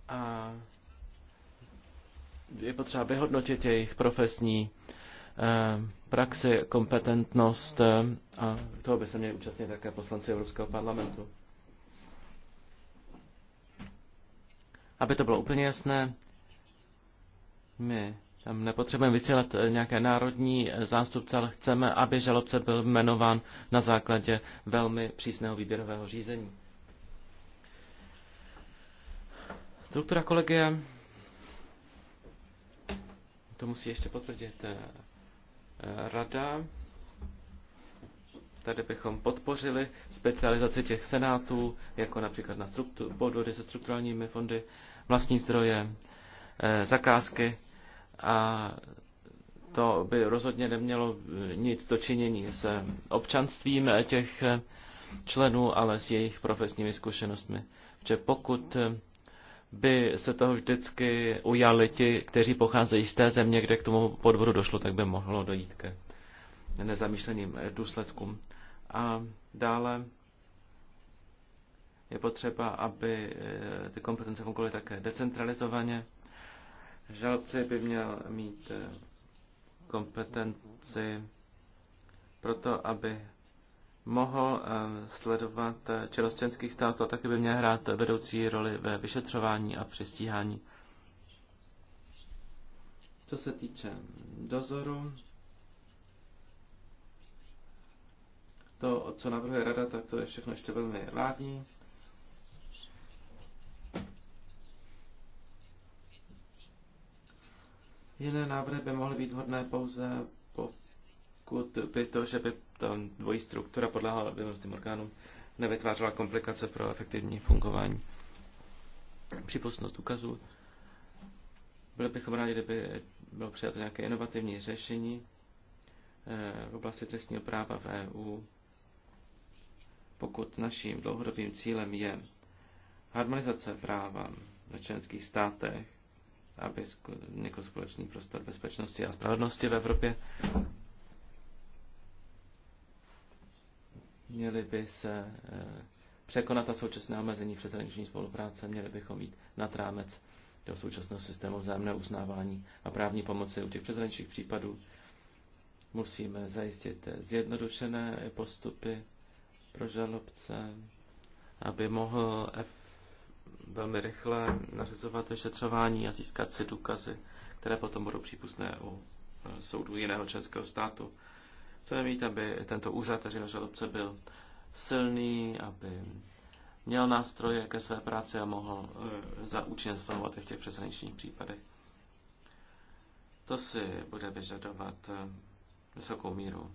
A je potřeba vyhodnotit jejich profesní Eh, praxi, kompetentnost eh, a toho by se měli účastnit také poslanci Evropského parlamentu. Aby to bylo úplně jasné, my tam nepotřebujeme vysílat eh, nějaké národní zástupce, ale chceme, aby žalobce byl jmenován na základě velmi přísného výběrového řízení. Struktura kolegie, to musí ještě potvrdit rada. Tady bychom podpořili specializaci těch senátů, jako například na struktu, podvody se strukturálními fondy, vlastní zdroje, eh, zakázky a to by rozhodně nemělo nic dočinění s občanstvím eh, těch eh, členů, ale s jejich profesními zkušenostmi. Protože pokud by se toho vždycky ujali ti, kteří pocházejí z té země, kde k tomu podvodu došlo, tak by mohlo dojít ke nezamýšleným eh, důsledkům. A dále je potřeba, aby eh, ty kompetence fungovaly také decentralizovaně. Žalobci by měl mít eh, kompetenci proto, aby mohl ehm, sledovat eh, činnost členských států a taky by měl hrát vedoucí roli ve vyšetřování a přestíhání. Co se týče dozoru, to, co navrhuje rada, tak to je všechno ještě velmi vágní. Jiné návrhy by mohly být hodné pouze po pokud by to, že by ta dvojí struktura podléhala vyvinutým orgánům, nevytvářela komplikace pro efektivní fungování. Přípustnost úkazu. Byli bychom rádi, kdyby bylo přijato nějaké inovativní řešení eh, v oblasti trestního práva v EU, pokud naším dlouhodobým cílem je harmonizace práva v členských státech, aby vznikl společný prostor bezpečnosti a spravedlnosti v Evropě, Měli by se eh, překonat ta současná omezení přeshraniční spolupráce, měli bychom jít nad rámec do současného systému vzájemné uznávání a právní pomoci u těch přeshraničních případů. Musíme zajistit zjednodušené postupy pro žalobce, aby mohl F velmi rychle nařizovat vyšetřování a získat si důkazy, které potom budou přípustné u eh, soudu jiného českého státu. Chceme mít, aby tento úřad naše obce byl silný, aby měl nástroje ke své práci a mohl e, za účinně zasahovat i v těch přeshraničních případech. To si bude vyžadovat eh, vysokou míru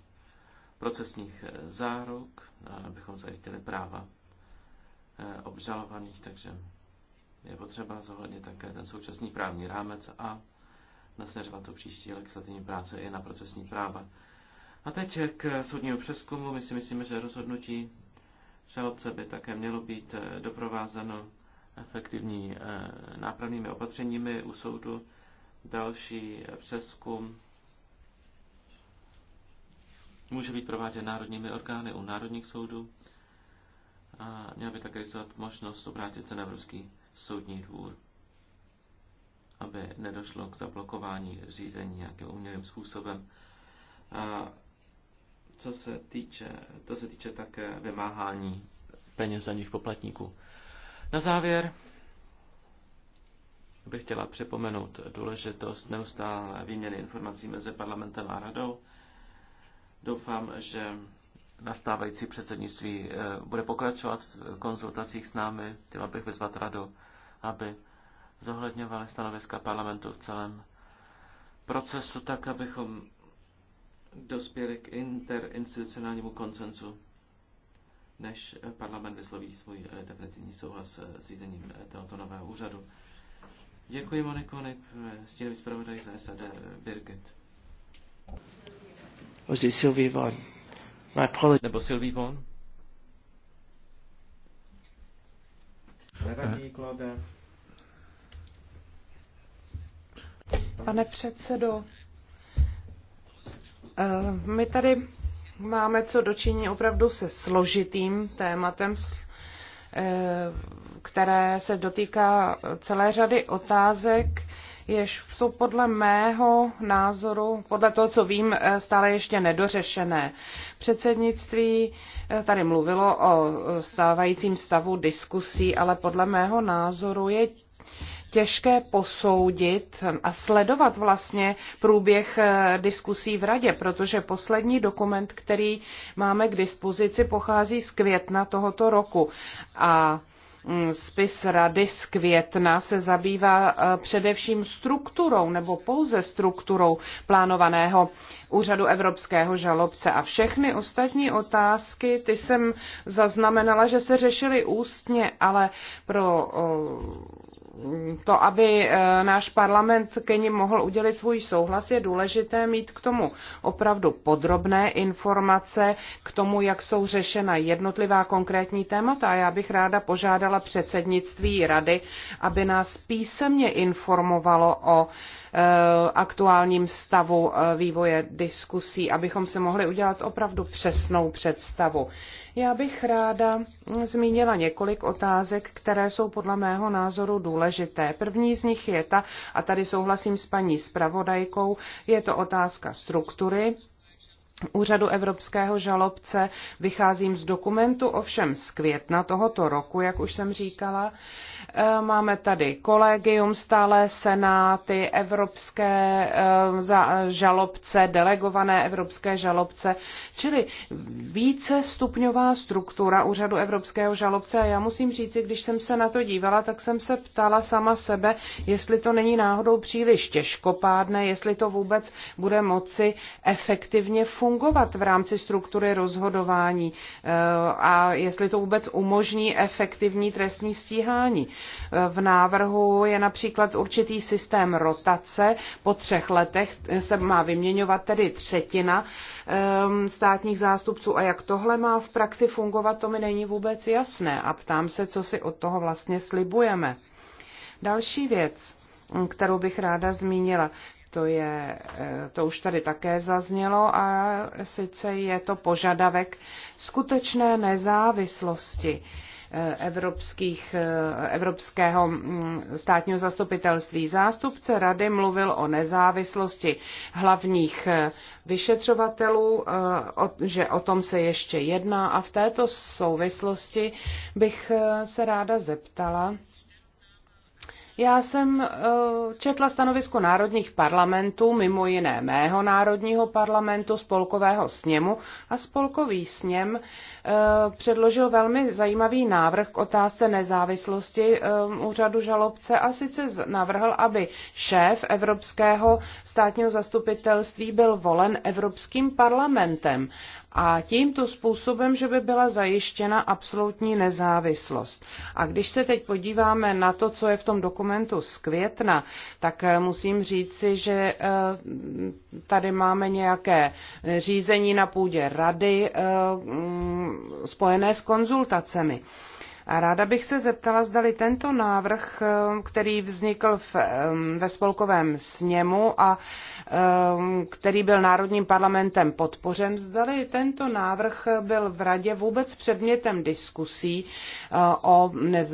procesních eh, záruk, abychom zajistili práva obžalovaných, takže je potřeba zohlednit také ten současný právní rámec a nasměřovat tu příští legislativní práce i na procesní práva. A teď k soudního přeskumu. My si myslíme, že rozhodnutí žalobce by také mělo být eh, doprovázeno efektivní eh, nápravnými opatřeními u soudu. Další eh, přeskum může být prováděn národními orgány u národních soudů a měl by také existovat možnost obrátit se na Evropský soudní dvůr, aby nedošlo k zablokování řízení nějakým umělým způsobem. A co se týče, to se týče také vymáhání peněz nich poplatníků. Na závěr bych chtěla připomenout důležitost neustále výměny informací mezi parlamentem a radou. Doufám, že nastávající předsednictví eh, bude pokračovat v konzultacích s námi. Chtěla bych vyzvat radu, aby zohledňovali stanoviska parlamentu v celém procesu tak, abychom dospěli k interinstitucionálnímu koncenzu, než parlament vysloví svůj eh, definitivní souhlas eh, s řízením eh, tohoto nového úřadu. Děkuji Moniko, nejprve stínový zpravodaj za SAD Birgit. Was it Sylvie Vaughan? My apologies. Nebo Sylvie Vaughan? Nevadí, Claude. Pane předsedo, Eh, my tady máme co dočinění opravdu se složitým tématem, eh, které se dotýká celé řady otázek, jež jsou podle mého názoru, podle toho, co vím, eh, stále ještě nedořešené. Předsednictví tady mluvilo o stávajícím stavu diskusí, ale podle mého názoru je těžké posoudit a sledovat vlastně průběh eh, diskusí v radě, protože poslední dokument, který máme k dispozici, pochází z května tohoto roku. A mm, Spis rady z května se zabývá eh, především strukturou nebo pouze strukturou plánovaného úřadu evropského žalobce a všechny ostatní otázky, ty jsem zaznamenala, že se řešily ústně, ale pro eh, to, aby eh, náš parlament k ní mohl udělit svůj souhlas, je důležité mít k tomu opravdu podrobné informace, k tomu, jak jsou řešena jednotlivá konkrétní témata. Já bych ráda požádala předsednictví rady, aby nás písemně informovalo o eh, aktuálním stavu eh, vývoje diskusí, abychom se mohli udělat opravdu přesnou představu. Já bych ráda zmínila několik otázek, které jsou podle mého názoru důležité. První z nich je ta, a tady souhlasím s paní zpravodajkou, je to otázka struktury Úřadu evropského žalobce. Vycházím z dokumentu ovšem z května tohoto roku, jak už jsem říkala, Eh, máme tady kolegium, stále senáty, evropské eh, žalobce, delegované evropské žalobce, čili více stupňová struktura úřadu evropského žalobce. A já musím říct, když jsem se na to dívala, tak jsem se ptala sama sebe, jestli to není náhodou příliš těžkopádné, jestli to vůbec bude moci efektivně fungovat v rámci struktury rozhodování eh, a jestli to vůbec umožní efektivní trestní stíhání. V návrhu je například určitý systém rotace. Po třech letech se má vyměňovat tedy třetina ehm, státních zástupců. A jak tohle má v praxi fungovat, to mi není vůbec jasné. A ptám se, co si od toho vlastně slibujeme. Další věc, kterou bych ráda zmínila, to, je, eh, to už tady také zaznělo a sice je to požadavek skutečné nezávislosti evropských, evropského mm, státního zastupitelství. Zástupce rady mluvil o nezávislosti hlavních eh, vyšetřovatelů, eh, že o tom se ještě jedná a v této souvislosti bych eh, se ráda zeptala, já jsem eh, četla stanovisko národních parlamentů, mimo jiné mého národního parlamentu, spolkového sněmu a spolkový sněm eh, předložil velmi zajímavý návrh k otázce nezávislosti eh, úřadu žalobce a sice navrhl, aby šéf Evropského státního zastupitelství byl volen Evropským parlamentem a tímto způsobem, že by byla zajištěna absolutní nezávislost. A když se teď podíváme na to, co je v tom dokumentu z května, tak eh, musím říci, že eh, tady máme nějaké eh, řízení na půdě rady mm, spojené s konzultacemi. A ráda bych se zeptala, zdali tento návrh, eh, který vznikl v, eh, ve spolkovém sněmu a eh, který byl Národním parlamentem podpořen, zdali tento návrh byl v radě vůbec předmětem diskusí o nez,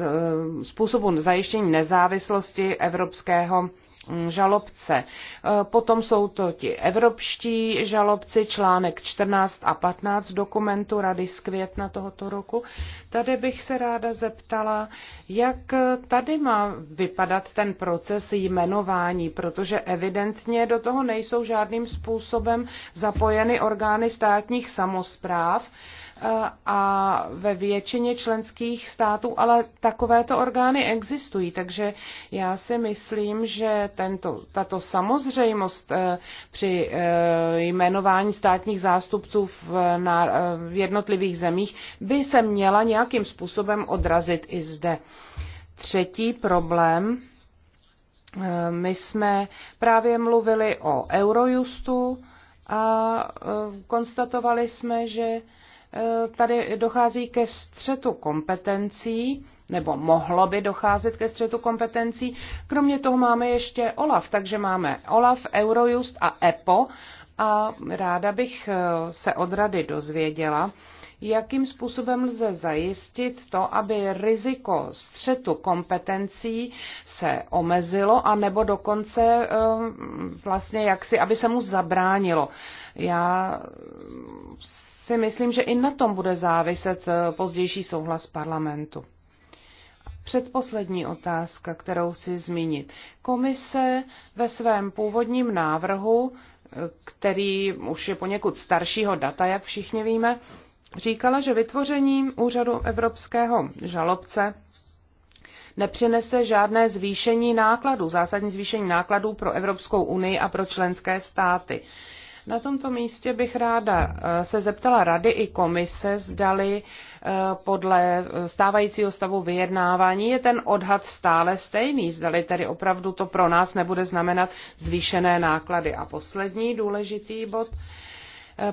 způsobu zajištění nezávislosti Evropského Mm, žalobce. E, potom jsou to ti evropští žalobci, článek 14 a 15 dokumentu Rady z května tohoto roku. Tady bych se ráda zeptala, jak tady má vypadat ten proces jmenování, protože evidentně do toho nejsou žádným způsobem zapojeny orgány státních samozpráv, a ve většině členských států, ale takovéto orgány existují, takže já si myslím, že tento, tato samozřejmost eh, při eh, jmenování státních zástupců v, na, eh, v jednotlivých zemích by se měla nějakým způsobem odrazit i zde. Třetí problém. My jsme právě mluvili o Eurojustu a konstatovali jsme, že tady dochází ke střetu kompetencí, nebo mohlo by docházet ke střetu kompetencí. Kromě toho máme ještě OLAF, takže máme OLAF, Eurojust a EPO a ráda bych eh, se od rady dozvěděla, jakým způsobem lze zajistit to, aby riziko střetu kompetencí se omezilo a nebo dokonce eh, vlastně jaksi, aby se mu zabránilo. Já si myslím, že i na tom bude záviset eh, pozdější souhlas parlamentu. Předposlední otázka, kterou chci zmínit. Komise ve svém původním návrhu, eh, který už je poněkud staršího data, jak všichni víme, říkala, že vytvořením úřadu evropského žalobce nepřinese žádné zvýšení nákladů, zásadní zvýšení nákladů pro Evropskou unii a pro členské státy. Na tomto místě bych ráda eh, se zeptala rady i komise, zdali eh, podle stávajícího stavu vyjednávání je ten odhad stále stejný, zdali tedy opravdu to pro nás nebude znamenat zvýšené náklady. A poslední důležitý bod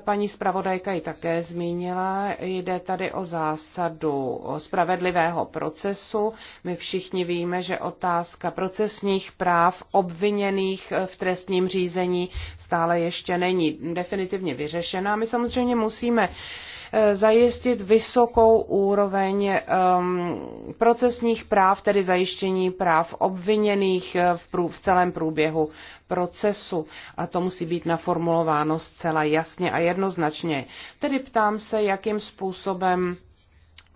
Paní zpravodajka ji také zmínila. Jde tady o zásadu spravedlivého procesu. My všichni víme, že otázka procesních práv obviněných v trestním řízení stále ještě není definitivně vyřešená. My samozřejmě musíme Eh, zajistit vysokou úroveň eh, procesních práv, tedy zajištění práv obviněných eh, v, prů, v celém průběhu procesu. A to musí být naformulováno zcela jasně a jednoznačně. Tedy ptám se, jakým způsobem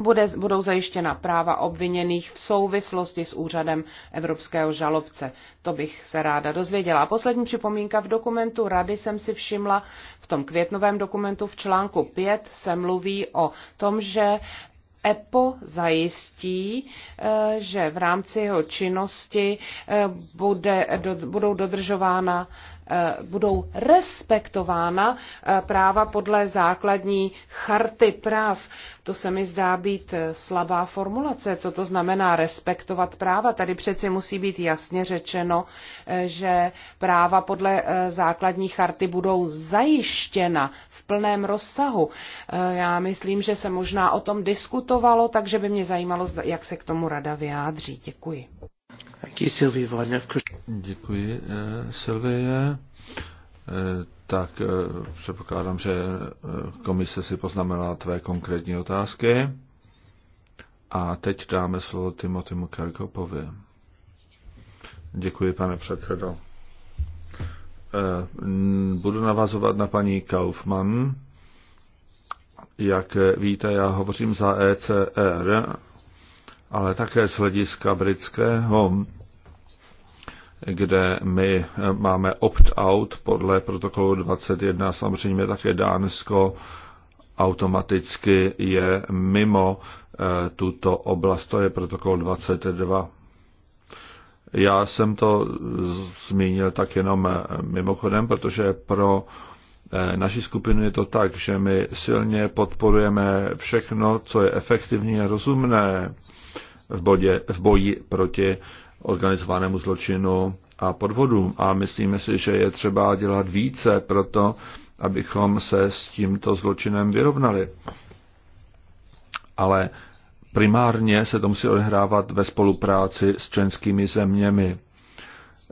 bude, budou zajištěna práva obviněných v souvislosti s úřadem evropského žalobce. To bych se ráda dozvěděla. A poslední připomínka v dokumentu Rady jsem si všimla, v tom květnovém dokumentu v článku 5 se mluví o tom, že EPO zajistí, eh, že v rámci jeho činnosti eh, bude, budou dodržována Eh, budou respektována eh, práva podle základní charty práv. To se mi zdá být eh, slabá formulace. Co to znamená respektovat práva? Tady přeci musí být jasně řečeno, že práva podle základní charty budou zajištěna v plném rozsahu. Já myslím, že se možná o tom diskutovalo, takže by mě zajímalo, jak se k tomu rada vyjádří. Děkuji. Děkuji, eh, Silvie. Eh, tak eh, předpokládám, že komise si poznamenala tvé konkrétní otázky. A teď dáme slovo Timotimu Kerkopovi. Děkuji, pane předsedo. Budu navazovat na paní Kaufmann. Jak víte, já hovořím za ECR, ale také z hlediska britského, kde my eh, máme opt-out podle protokolu 21, samozřejmě také Dánsko automaticky je mimo eh, tuto oblast, to je protokol 22. Já jsem to zmínil tak jenom eh, mimochodem, protože pro naši skupinu je to tak, že my silně podporujeme všechno, co je efektivní a rozumné v, bodě, v boji proti organizovanému zločinu a podvodům. A myslíme si, že je třeba dělat více pro to, abychom se s tímto zločinem vyrovnali. Ale primárně se to musí odehrávat ve spolupráci s členskými zeměmi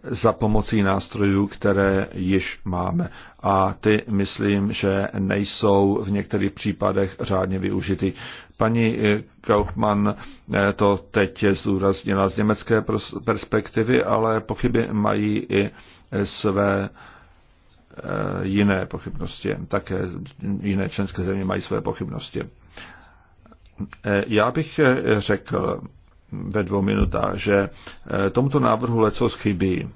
za pomocí nástrojů, které již máme. A ty myslím, že nejsou v některých případech řádně využity. Paní eh, Kaufmann eh, to teď zúraznila z německé perspektivy, ale pochyby mají i eh, své jiné pochybnosti. Také jiné členské země mají své pochybnosti. Já bych řekl, ve dvou minutách, že eh, tomuto návrhu leco chybí.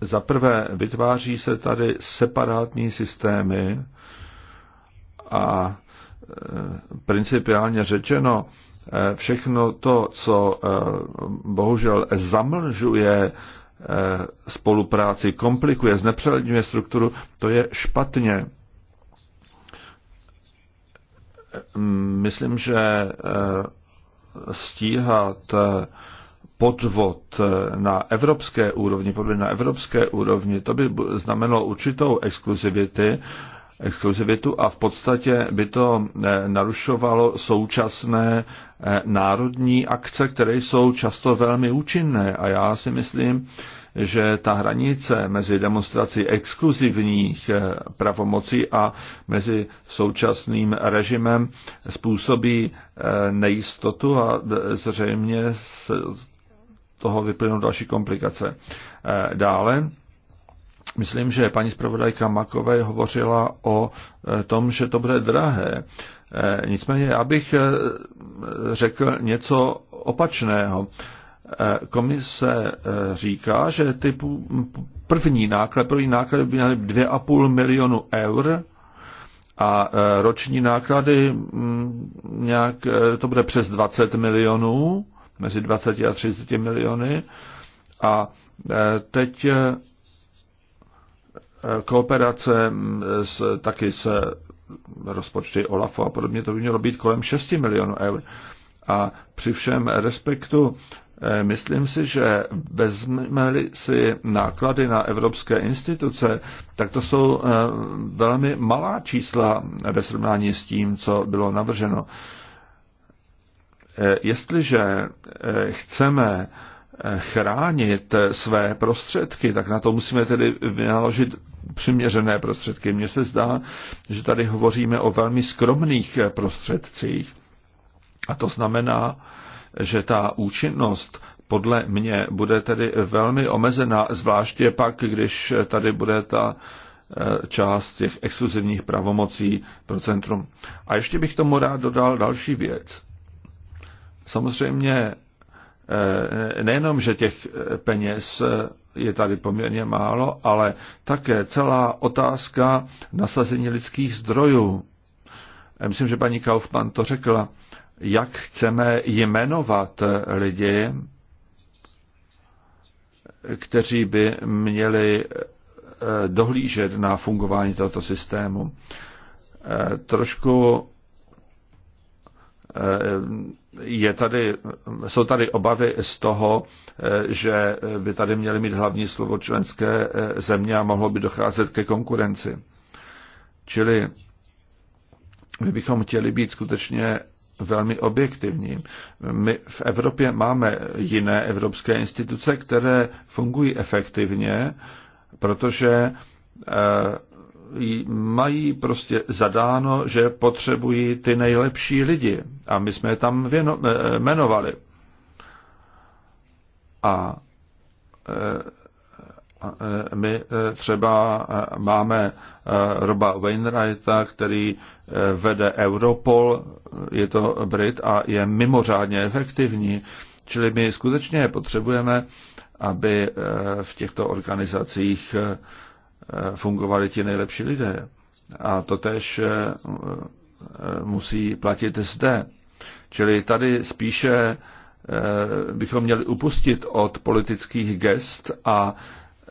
Za prvé, vytváří se tady separátní systémy a eh, principiálně řečeno, eh, všechno to, co bohužel zamlžuje spolupráci, komplikuje, znepřelidňuje strukturu, to je špatně. Myslím, že stíhat eh, podvod eh, na evropské úrovni, podvod na evropské úrovni, to by znamenalo určitou exkluzivity, exkluzivitu a v podstatě by to eh, narušovalo současné národní akce, které jsou často velmi účinné. A já si myslím, že ta hranice mezi demonstrací exkluzivních eh, pravomocí a mezi současným režimem způsobí eh, nejistotu a eh, zřejmě z toho vyplynou další komplikace. Dále Myslím, že paní zpravodajka Makové hovořila o tom, že to bude drahé. Nicméně já bych řekl něco opačného. Eh, komise eh, říká, že ty první náklady, první náklady by měly 2,5 milionu eur a eh, roční náklady mm, nějak, to bude přes 20 milionů, mezi 20 a 30 miliony a teď kooperace mm, s, taky s rozpočty OLAFu a podobně, to by mělo být kolem 6 milionů eur. A při všem respektu Eh, myslím si, že vezmeme-li si náklady na evropské instituce, tak to jsou eh, velmi malá čísla ve srovnání s tím, co bylo navrženo. Eh, jestliže chceme chránit své prostředky, tak na to musíme tedy vynaložit přiměřené prostředky. Mně se zdá, že tady hovoříme o velmi skromných prostředcích. A to znamená, že ta účinnost podle mě bude tedy velmi omezená, zvláště pak, když tady bude ta eh, část těch exkluzivních pravomocí pro centrum. A ještě bych tomu rád dodal další věc. Samozřejmě eh, nejenom, že těch eh, peněz je tady poměrně málo, ale také celá otázka nasazení lidských zdrojů. Myslím, že paní Kaufmann to řekla jak chceme jmenovat lidi, kteří by měli eh, dohlížet na fungování tohoto systému. Eh, trošku eh, je tady, jsou tady obavy z toho, že by tady měly mít hlavní slovo členské země a mohlo by docházet ke konkurenci. Čili my bychom chtěli být skutečně velmi objektivní. My v Evropě máme jiné evropské instituce, které fungují efektivně, protože eh, mají prostě zadáno, že potřebují ty nejlepší lidi. A my jsme je tam věno, eh, jmenovali. A eh, E, my e, třeba e, máme Roba Wainwrighta, který vede Europol, je to Brit a je mimořádně efektivní. Čili my skutečně potřebujeme, aby v těchto organizacích fungovali ti nejlepší lidé. A to tež musí platit zde. Čili tady spíše bychom měli upustit od politických gest a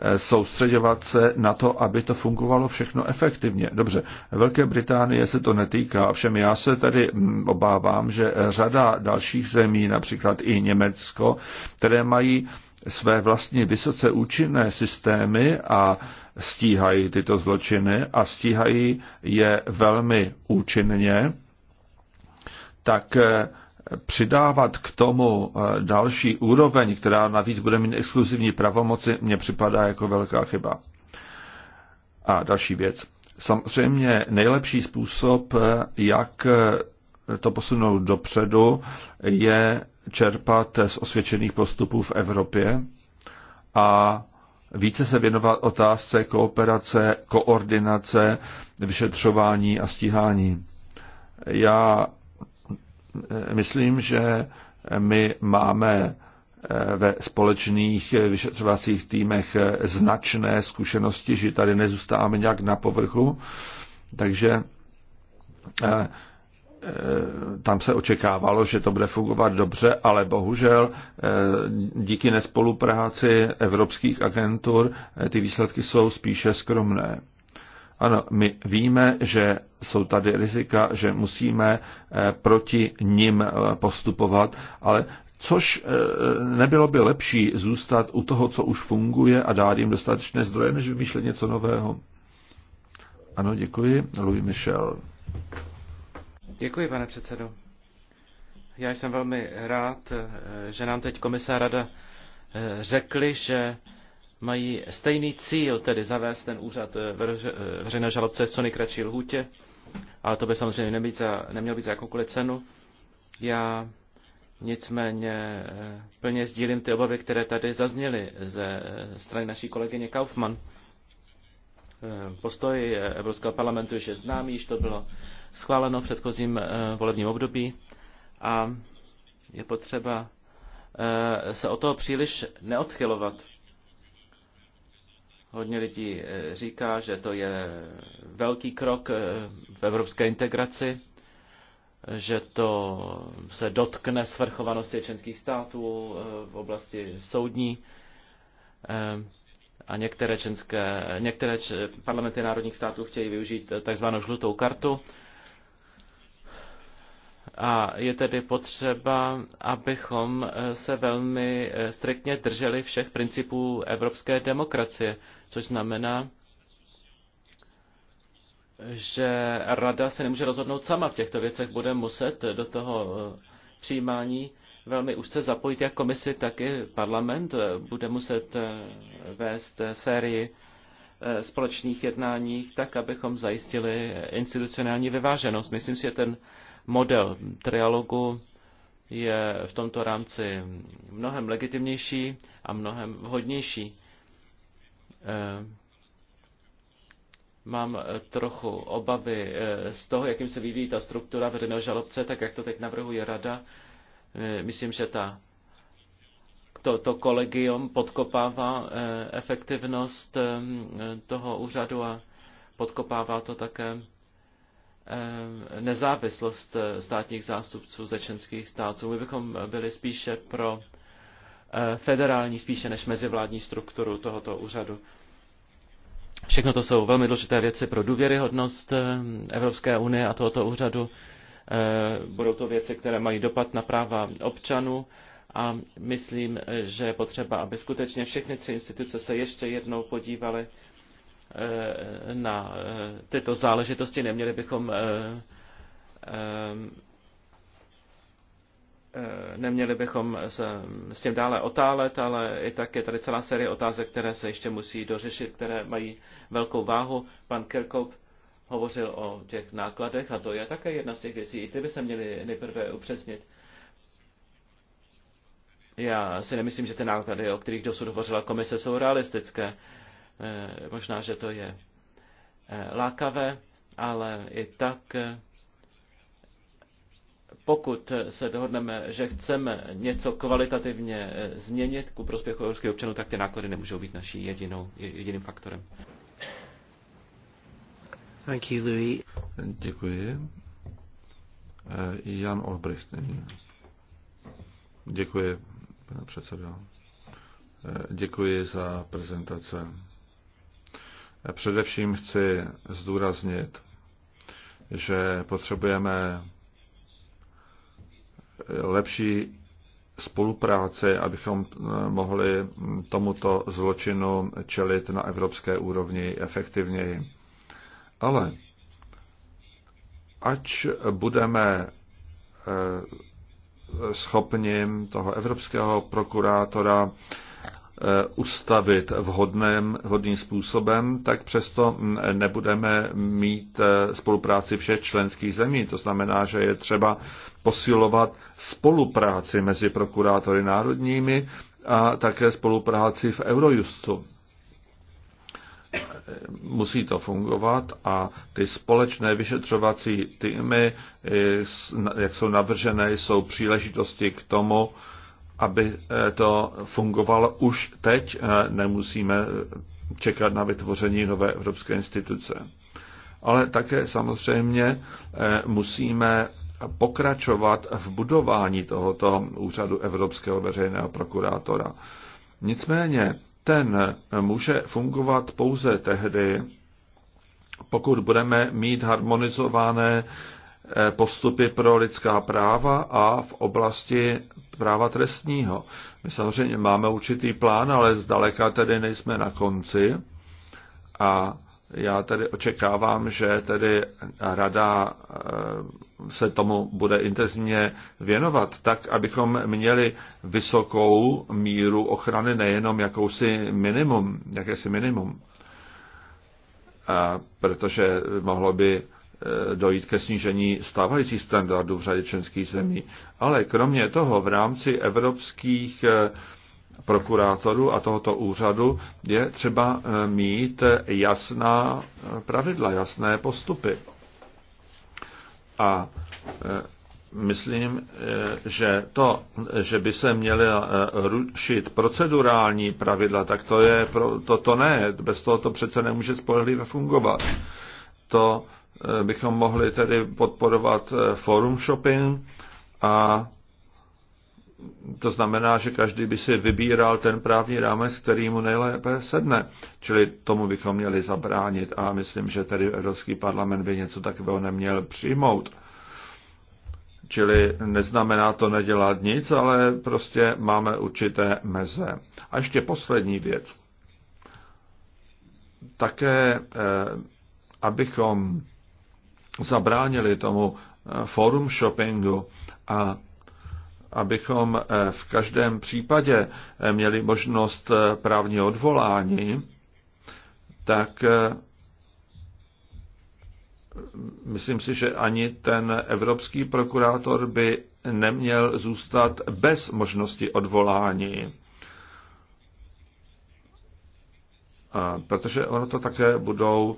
Eh, soustředovat se na to, aby to fungovalo všechno efektivně. Dobře, Velké Británie se to netýká, všem já se tady mm, obávám, že řada dalších zemí, například i Německo, které mají své vlastní vysoce účinné systémy a stíhají tyto zločiny a stíhají je velmi účinně, tak eh, přidávat k tomu eh, další úroveň, která navíc bude mít exkluzivní pravomoci, mně připadá jako velká chyba. A další věc. Samozřejmě nejlepší způsob, eh, jak eh, to posunout dopředu, je čerpat z osvědčených postupů v Evropě a více se věnovat otázce kooperace, koordinace, vyšetřování a stíhání. Já myslím, že my máme eh, ve společných vyšetřovacích týmech eh, značné zkušenosti, že tady nezůstáváme nějak na povrchu, takže eh, tam se očekávalo, že to bude fungovat dobře, ale bohužel díky nespolupráci evropských agentur ty výsledky jsou spíše skromné. Ano, my víme, že jsou tady rizika, že musíme eh, proti nim eh, postupovat, ale což eh, nebylo by lepší zůstat u toho, co už funguje a dát jim dostatečné zdroje, než vymýšlet něco nového. Ano, děkuji. Louis Michel. Děkuji, pane předsedo. Já jsem velmi rád, že nám teď komisár rada řekli, že mají stejný cíl, tedy zavést ten úřad veřejného žalobce v co nejkratší lhůtě ale to by samozřejmě neměl za, nemělo být za jakoukoliv cenu. Já nicméně eh, plně sdílím ty obavy, které tady zazněly ze eh, strany naší kolegyně Kaufmann. Eh, postoj Evropského parlamentu je známý, již to bylo schváleno v předchozím volebním období a je potřeba se o toho příliš neodchylovat. Hodně lidí eh, říká, že to je velký krok eh, v evropské integraci, že to se dotkne svrchovanosti členských států eh, v oblasti soudní a některé, české některé parlamenty národních států chtějí využít takzvanou žlutou kartu a je tedy potřeba, abychom eh, se velmi eh, striktně drželi všech principů evropské demokracie, což znamená, že rada se nemůže rozhodnout sama v těchto věcech, bude muset do toho eh, přijímání velmi úzce zapojit jak komisi, tak i parlament. Bude muset vést sérii společných jednáních tak, abychom zajistili institucionální vyváženost. Myslím si, že ten model trialogu je v tomto rámci mnohem legitimnější a mnohem vhodnější. Eh, mám trochu obavy eh, z toho, jakým se vyvíjí ta struktura veřejného žalobce, tak jak to teď navrhuje rada. Eh, myslím, že ta, to, to kolegium podkopává efektivnost toho úřadu a podkopává to také Eh, nezávislost eh, státních zástupců ze členských států. My bychom byli spíše pro eh, federální, spíše než mezivládní strukturu tohoto úřadu. Všechno to jsou velmi důležité věci pro důvěryhodnost Evropské unie a tohoto úřadu. Budou to věci, které mají dopad na práva občanů a myslím, že je potřeba, aby skutečně všechny tři instituce se ještě jednou podívaly Eh, na eh, tyto záležitosti, neměli bychom eh, neměli bychom se s tím dále otálet, ale i tak je tady celá série otázek, které se ještě musí dořešit, které mají velkou váhu. Pan Kirkov hovořil o těch nákladech a to je také jedna z těch věcí. I ty by se měly nejprve upřesnit. Já si nemyslím, že ty náklady, o kterých dosud hovořila komise, jsou realistické. Eh, možná, že to je eh, lákavé, ale i tak, eh, pokud se dohodneme, že chceme něco kvalitativně změnit ku prospěchu evropských občanů, tak ty náklady nemůžou být naší jedinou, jediným faktorem. Thank you, Louis. Děkuji. Jan Olbricht. Děkuji, pane předsedo. Děkuji za prezentace. Především chci zdůraznit, že potřebujeme lepší spolupráci, abychom eh, mohli tomuto zločinu čelit na evropské úrovni efektivněji. Ale ač budeme eh, schopni toho evropského prokurátora Eh, ustavit vhodným vhodným způsobem, tak přesto nebudeme mít eh, spolupráci všech členských zemí. To znamená, že je třeba posilovat spolupráci mezi prokurátory národními a také spolupráci v Eurojustu. Eh, musí to fungovat a ty společné vyšetřovací týmy, jak jsou navržené, jsou příležitosti k tomu, aby eh, to fungovalo už teď. Eh, nemusíme eh, čekat na vytvoření nové evropské instituce. Ale také samozřejmě musíme pokračovat v budování tohoto úřadu Evropského veřejného prokurátora. Nicméně ten může fungovat pouze tehdy, pokud budeme mít harmonizované Eh, postupy pro lidská práva a v oblasti práva trestního. My samozřejmě máme určitý plán, ale zdaleka tedy nejsme na konci a já tedy očekávám, že tedy rada eh, se tomu bude intenzivně věnovat, tak abychom měli vysokou míru ochrany, nejenom jakousi minimum, jakési minimum. A protože mohlo by Eh, dojít ke snížení stávajících standardů v řadě členských zemí. Ale kromě toho v rámci evropských eh, prokurátorů a tohoto úřadu je třeba eh, mít jasná pravidla, jasné postupy. A myslím, že to, že by se měly rušit procedurální pravidla, tak to je, to, to ne, bez toho to přece nemůže spolehlivě fungovat. To Eh, bychom mohli tedy podporovat eh, forum shopping a to znamená, že každý by si vybíral ten právní rámec, který mu nejlépe sedne. Čili tomu bychom měli zabránit a myslím, že tedy Evropský parlament by něco takového neměl přijmout. Čili neznamená to nedělat nic, ale prostě máme určité meze. A ještě poslední věc. Také, eh, abychom zabránili tomu eh, forum shoppingu a abychom eh, v každém případě eh, měli možnost právní odvolání, tak myslím si, že ani ten evropský prokurátor by neměl zůstat bez možnosti odvolání. Protože ono to také budou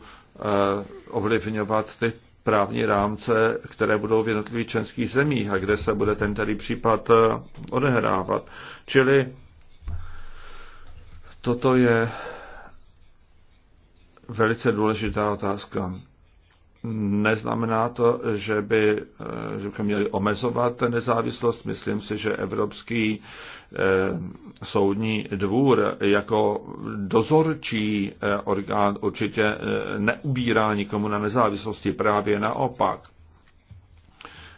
ovlivňovat ty právní rámce, které budou v jednotlivých členských zemích a kde se bude ten tady případ eh, odehrávat. Čili toto je velice důležitá otázka. Neznamená to, že, by, eh, že bychom měli omezovat nezávislost. Myslím si, že Evropský eh, soudní dvůr jako dozorčí eh, orgán určitě neubírá nikomu na nezávislosti, právě naopak.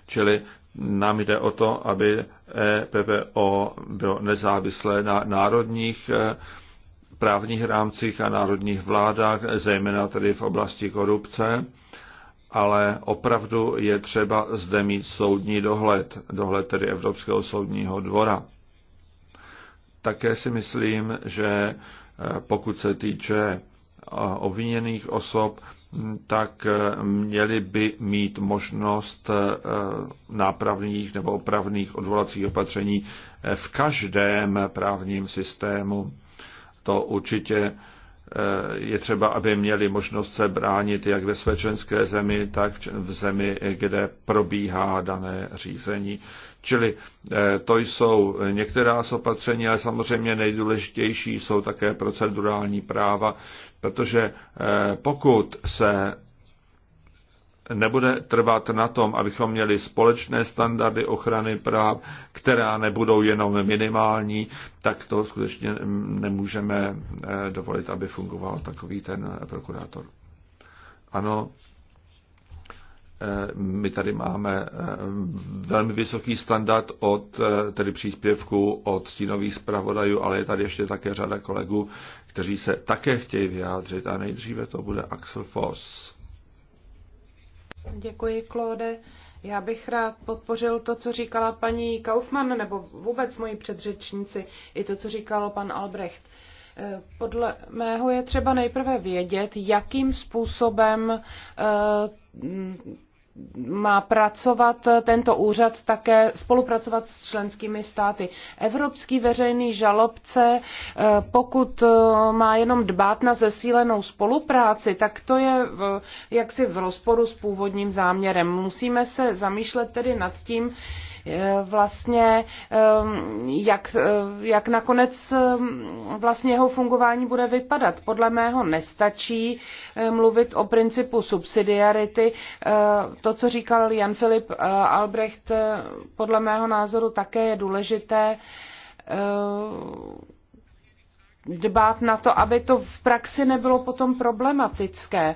Čili nám jde o to, aby e PPO bylo nezávislé na národních právních rámcích a národních vládách, zejména tedy v oblasti korupce ale opravdu je třeba zde mít soudní dohled, dohled tedy Evropského soudního dvora. Také si myslím, že eh, pokud se týče eh, obviněných osob, hm, tak eh, měli by mít možnost nápravných nebo opravných odvolacích opatření v každém právním systému. To určitě Eh, je třeba, aby měli možnost se bránit jak ve své členské zemi, tak v zemi, kde probíhá dané řízení. Čili eh, to jsou některá z opatření, ale samozřejmě nejdůležitější jsou také procedurální práva, protože eh, pokud se nebude trvat na tom, abychom měli společné standardy ochrany práv, která nebudou jenom minimální, tak to skutečně nemůžeme eh, dovolit, aby fungoval takový ten prokurátor. Ano, eh, my tady máme eh, velmi vysoký standard od tedy příspěvku od stínových zpravodajů, ale je tady ještě také řada kolegů, kteří se také chtějí vyjádřit a nejdříve to bude Axel Foss. Děkuji, Claude. Já bych rád podpořil to, co říkala paní Kaufmann, nebo vůbec moji předřečníci, i to, co říkal pan Albrecht. Eh, podle mého je třeba nejprve vědět, jakým způsobem eh, má pracovat eh, tento úřad také spolupracovat s členskými státy. Evropský veřejný žalobce, eh, pokud eh, má jenom dbát na zesílenou spolupráci, tak to je jaksi v rozporu s původním záměrem. Musíme se zamýšlet tedy nad tím, Eh, vlastně, ehm, jak, eh, jak nakonec ehm, vlastně jeho fungování bude vypadat. Podle mého nestačí eh, mluvit o principu subsidiarity. To, co říkal Jan Filip Albrecht, podle mého názoru také je důležité dbát na to, aby to v praxi nebylo potom problematické.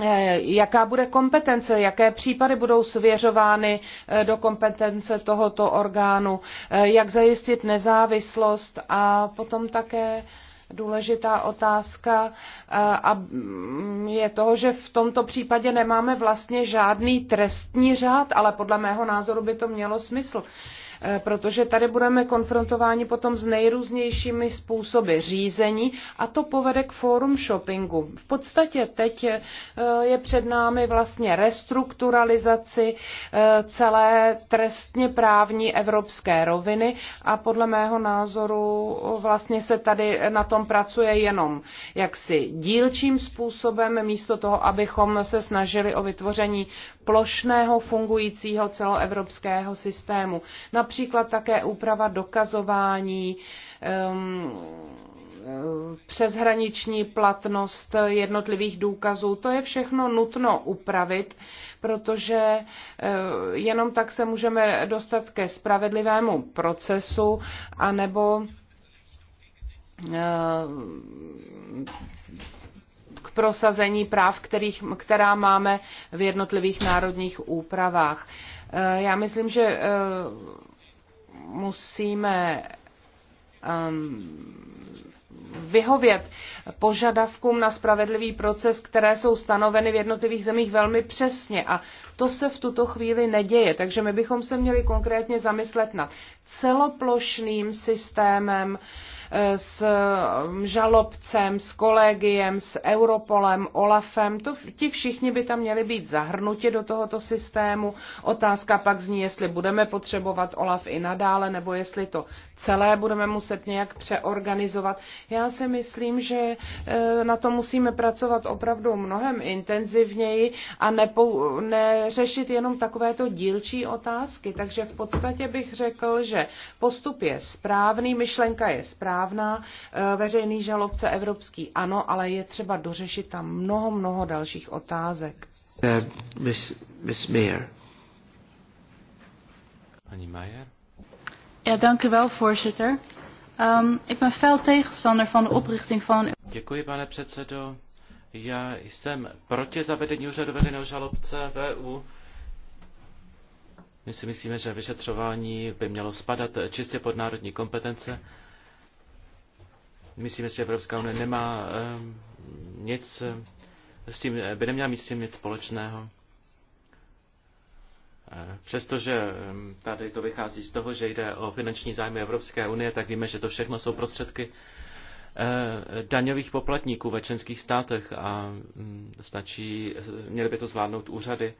Eh, jaká bude kompetence, jaké případy budou svěřovány eh, do kompetence tohoto orgánu, eh, jak zajistit nezávislost a potom také důležitá otázka a mm, je toho, že v tomto případě nemáme vlastně žádný trestní řád, ale podle mého názoru by to mělo smysl. Eh, protože tady budeme konfrontováni potom s nejrůznějšími způsoby řízení a to povede k forum shoppingu. V podstatě teď eh, je před námi vlastně restrukturalizaci eh, celé trestně právní evropské roviny a podle mého názoru vlastně se tady na tom pracuje jenom jaksi dílčím způsobem, místo toho, abychom se snažili o vytvoření plošného fungujícího celoevropského systému. Například Například také úprava dokazování, um, přeshraniční platnost jednotlivých důkazů. To je všechno nutno upravit, protože eh, jenom tak se můžeme dostat ke spravedlivému procesu, anebo eh, k prosazení práv, kterých, která máme v jednotlivých národních úpravách. Eh, já myslím, že musíme um, vyhovět požadavkům na spravedlivý proces, které jsou stanoveny v jednotlivých zemích velmi přesně. A to se v tuto chvíli neděje. Takže my bychom se měli konkrétně zamyslet nad celoplošným systémem uh, s um, žalobcem, s kolegiem, s Europolem, Olafem. To, ti všichni by tam měli být zahrnuti do tohoto systému. Otázka pak zní, jestli budeme potřebovat Olaf i nadále, nebo jestli to celé budeme muset nějak přeorganizovat. Já si myslím, že e, na to musíme pracovat opravdu mnohem intenzivněji a nepou, neřešit jenom takovéto dílčí otázky. Takže v podstatě bych řekl, že postup je správný, myšlenka je správná, e, veřejný žalobce evropský ano, ale je třeba dořešit tam mnoho, mnoho dalších otázek. Uh, miss, miss Mayer. Pani Mayer? Ja, dank u wel, voorzitter. Um, ik ben fel tegenstander van de oprichting van... Děkuji, pane předsedo. Já jsem proti zavedení úřadu veřejného žalobce VU. My si myslíme, že vyšetřování by mělo spadat čistě pod národní kompetence. Myslíme si, že Evropská unie nemá um, nic, s tím, by neměla mít s tím nic společného. Přestože tady to vychází z toho, že jde o finanční zájmy Evropské unie, tak víme, že to všechno jsou prostředky eh, daňových poplatníků ve členských státech a mm, stačí, měly by to zvládnout úřady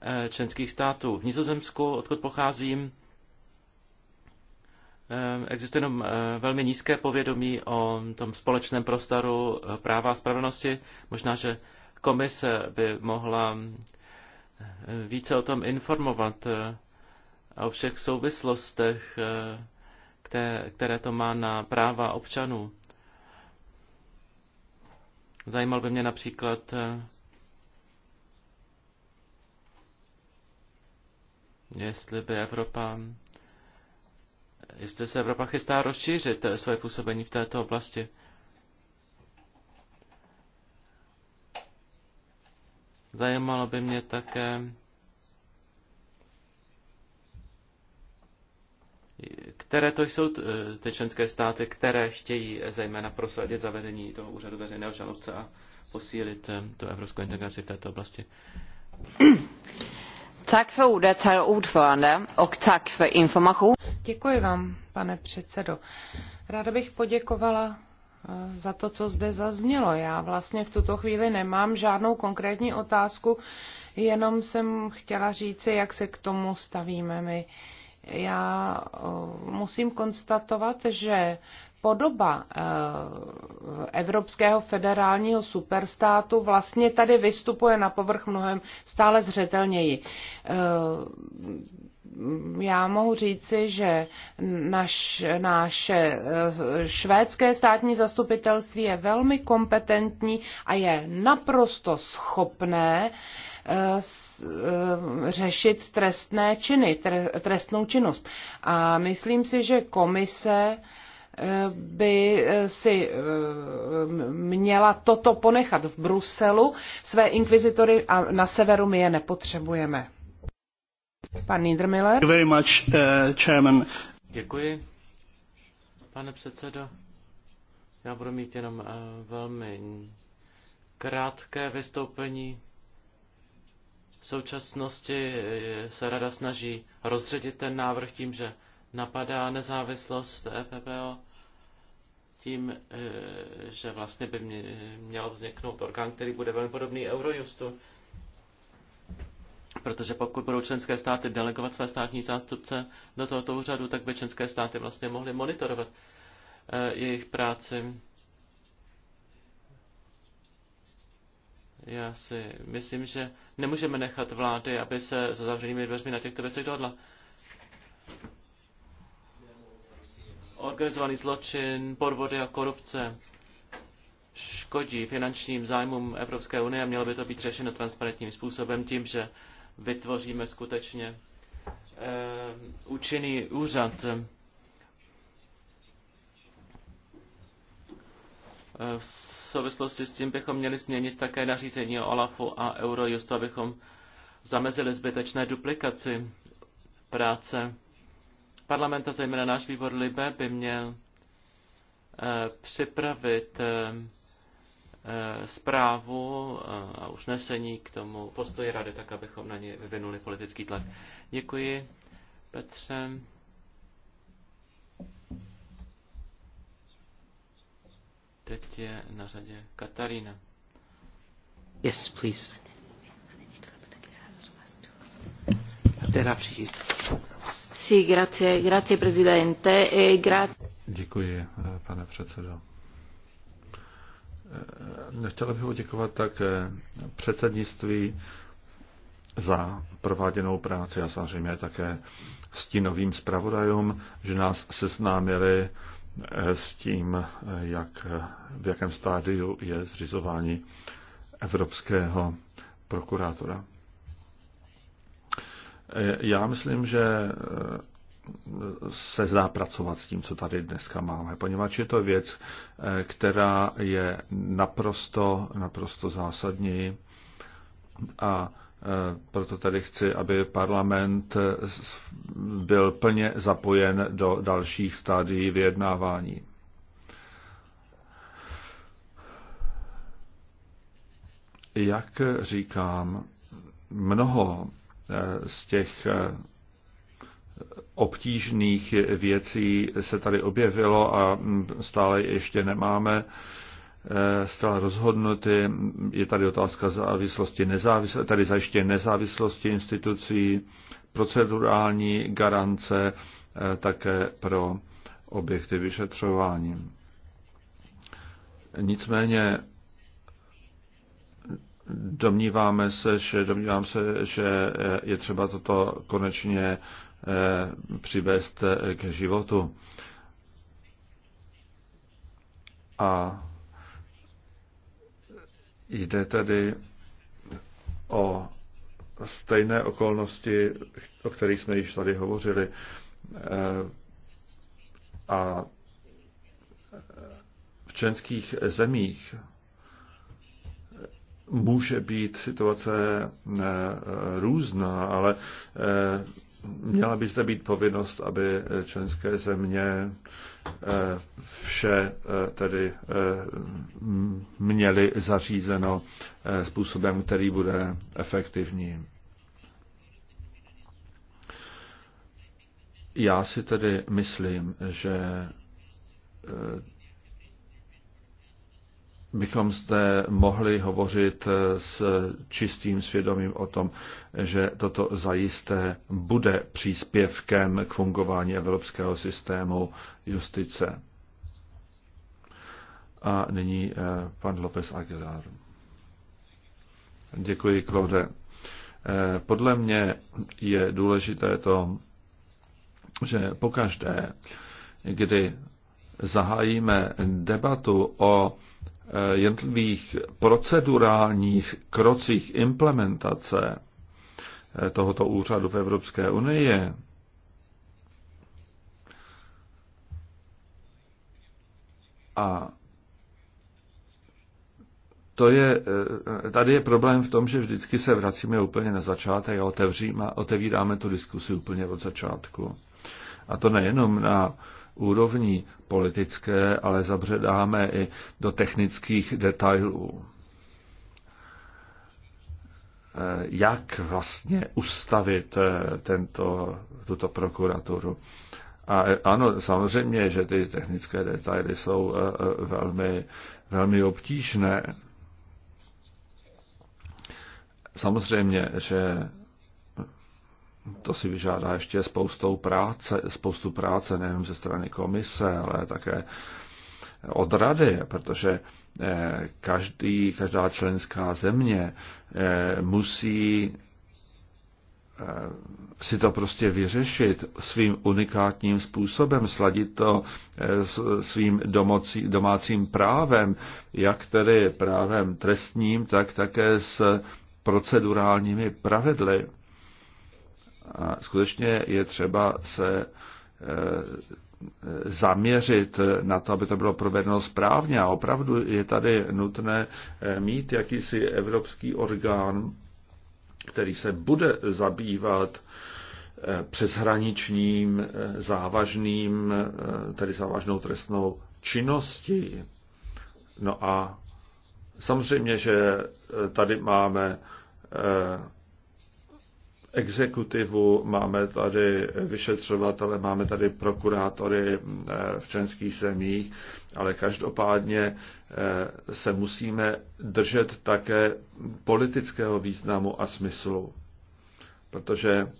eh, členských států. V Nizozemsku, odkud pocházím, eh, existuje jenom velmi nízké povědomí o tom společném prostoru práva a spravedlnosti. Možná, že komise by mohla více o tom informovat eh, o všech souvislostech, eh, které, které to má na práva občanů. Zajímal by mě například, eh, jestli by Evropa, jestli se Evropa chystá rozšířit své působení v této oblasti. Zajímalo by mě také, které to jsou ty členské státy, které chtějí zejména prosadit zavedení toho úřadu veřejného žalobce a posílit eh, tu evropskou integraci v této oblasti. Tak för ordet, herr ordförande, och tack för Děkuji vám, pane předsedo. Ráda bych poděkovala za to, co zde zaznělo. Já vlastně v tuto chvíli nemám žádnou konkrétní otázku, jenom jsem chtěla říci, jak se k tomu stavíme my. Já eh, musím konstatovat, že podoba eh, evropského federálního superstátu vlastně tady vystupuje na povrch mnohem stále zřetelněji. Eh, já mohu říci, že naš, naše eh, švédské státní zastupitelství je velmi kompetentní a je naprosto schopné eh, eh, řešit trestné činy, trestnou činnost. A myslím si, že komise by si měla toto ponechat v Bruselu. Své inkvizitory a na severu my je nepotřebujeme. Pan Niedermiller. Very much, uh, chairman. Děkuji, pane předsedo. Já budu mít jenom uh, velmi krátké vystoupení. V současnosti eh, se rada snaží rozředit ten návrh tím, že napadá nezávislost EPPO tím, eh, že vlastně by měl vzniknout orgán, který bude velmi podobný Eurojustu. Protože pokud budou členské státy delegovat své státní zástupce do tohoto úřadu, tak by členské státy vlastně mohly monitorovat eh, jejich práci. Já si myslím, že nemůžeme nechat vlády, aby se za zavřenými dveřmi na těchto věcech dohodla. Organizovaný zločin, podvody a korupce škodí finančním zájmům Evropské unie a mělo by to být řešeno transparentním způsobem tím, že vytvoříme skutečně eh, účinný úřad. Eh, v souvislosti s tím bychom měli změnit také nařízení o OLAFu a Eurojustu, abychom zamezili zbytečné duplikaci práce. Parlament a zejména náš výbor Libe by měl eh, připravit Eh, zprávu eh, a usnesení k tomu postoji rady, tak abychom na ně vyvinuli politický tlak. Děkuji, Petře. Teď je na řadě Katarína. Yes, please. E Děkuji, eh, pane předsedo. Eh, Chtěla bych poděkovat také předsednictví za prováděnou práci a samozřejmě také stínovým zpravodajům, že nás seznámili eh, s tím, eh, jak, v jakém stádiu je zřizování evropského prokurátora. Já myslím, že se zdá pracovat s tím, co tady dneska máme, poněvadž je to věc, eh, která je naprosto, naprosto zásadní a eh, proto tady chci, aby parlament eh, byl plně zapojen do dalších stádií vyjednávání. Jak říkám, mnoho z těch obtížných věcí se tady objevilo a stále ještě nemáme eh, stále rozhodnuty. Je tady otázka závislosti nezávislosti, tady zajištění nezávislosti institucí, procedurální garance eh, také pro objekty vyšetřování. Nicméně domníváme se, že, domníváme se, že eh, je třeba toto konečně Eh, přivést eh, k životu. A jde tedy o stejné okolnosti, o kterých jsme již tady hovořili. Eh, a v členských zemích může být situace různá, ale měla by zde být povinnost, aby členské země eh, vše eh, tedy eh, měly zařízeno způsobem, který bude efektivní. Já si tedy myslím, že bychom zde mohli hovořit s čistým svědomím o tom, že toto zajisté bude příspěvkem k fungování evropského systému justice. A nyní eh, pan López Aguilar. Děkuji, Claude. Eh, podle mě je důležité to, že pokaždé, kdy zahájíme debatu o Eh, jednotlivých procedurálních krocích implementace eh, tohoto úřadu v Evropské unii, a to je, eh, tady je problém v tom, že vždycky se vracíme úplně na začátek a otevříme, otevíráme tu diskusi úplně od začátku. A to nejenom na úrovní politické, ale zabředáme i do technických detailů. Jak vlastně ustavit eh, tento, tuto prokuraturu? A eh, ano, samozřejmě, že ty technické detaily jsou eh, velmi, velmi obtížné. Samozřejmě, že to si vyžádá ještě spoustu práce, spoustu práce nejenom ze strany komise, ale také od rady, protože eh, každý, každá členská země eh, musí eh, si to prostě vyřešit svým unikátním způsobem, sladit to s svým domocí, domácím právem, jak tedy právem trestním, tak také s procedurálními pravidly. A skutečně je třeba se e, zaměřit na to, aby to bylo provedeno správně. A opravdu je tady nutné e, mít jakýsi evropský orgán, který se bude zabývat e, přeshraničním závažným, tedy závažnou trestnou činností. No a samozřejmě, že tady máme exekutivu, máme tady vyšetřovatele, máme tady prokurátory eh, v členských zemích, ale každopádně eh, se musíme držet také politického významu a smyslu. Protože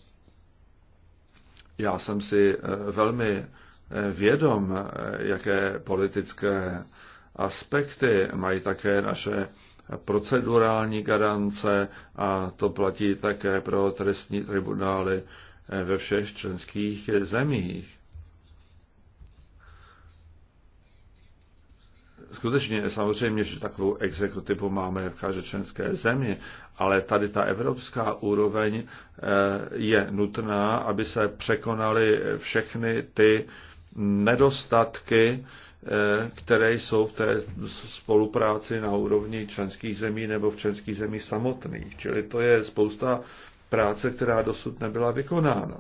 já jsem si eh, velmi vědom, jaké politické aspekty mají také naše procedurální garance a to platí také pro trestní tribunály eh, ve všech členských zemích. Skutečně, samozřejmě, že takovou exekutivu máme v každé členské zemi, ale tady ta evropská úroveň eh, je nutná, aby se překonaly všechny ty nedostatky, Eh, které jsou v té spolupráci na úrovni členských zemí nebo v členských zemích samotných. Čili to je spousta práce, která dosud nebyla vykonána.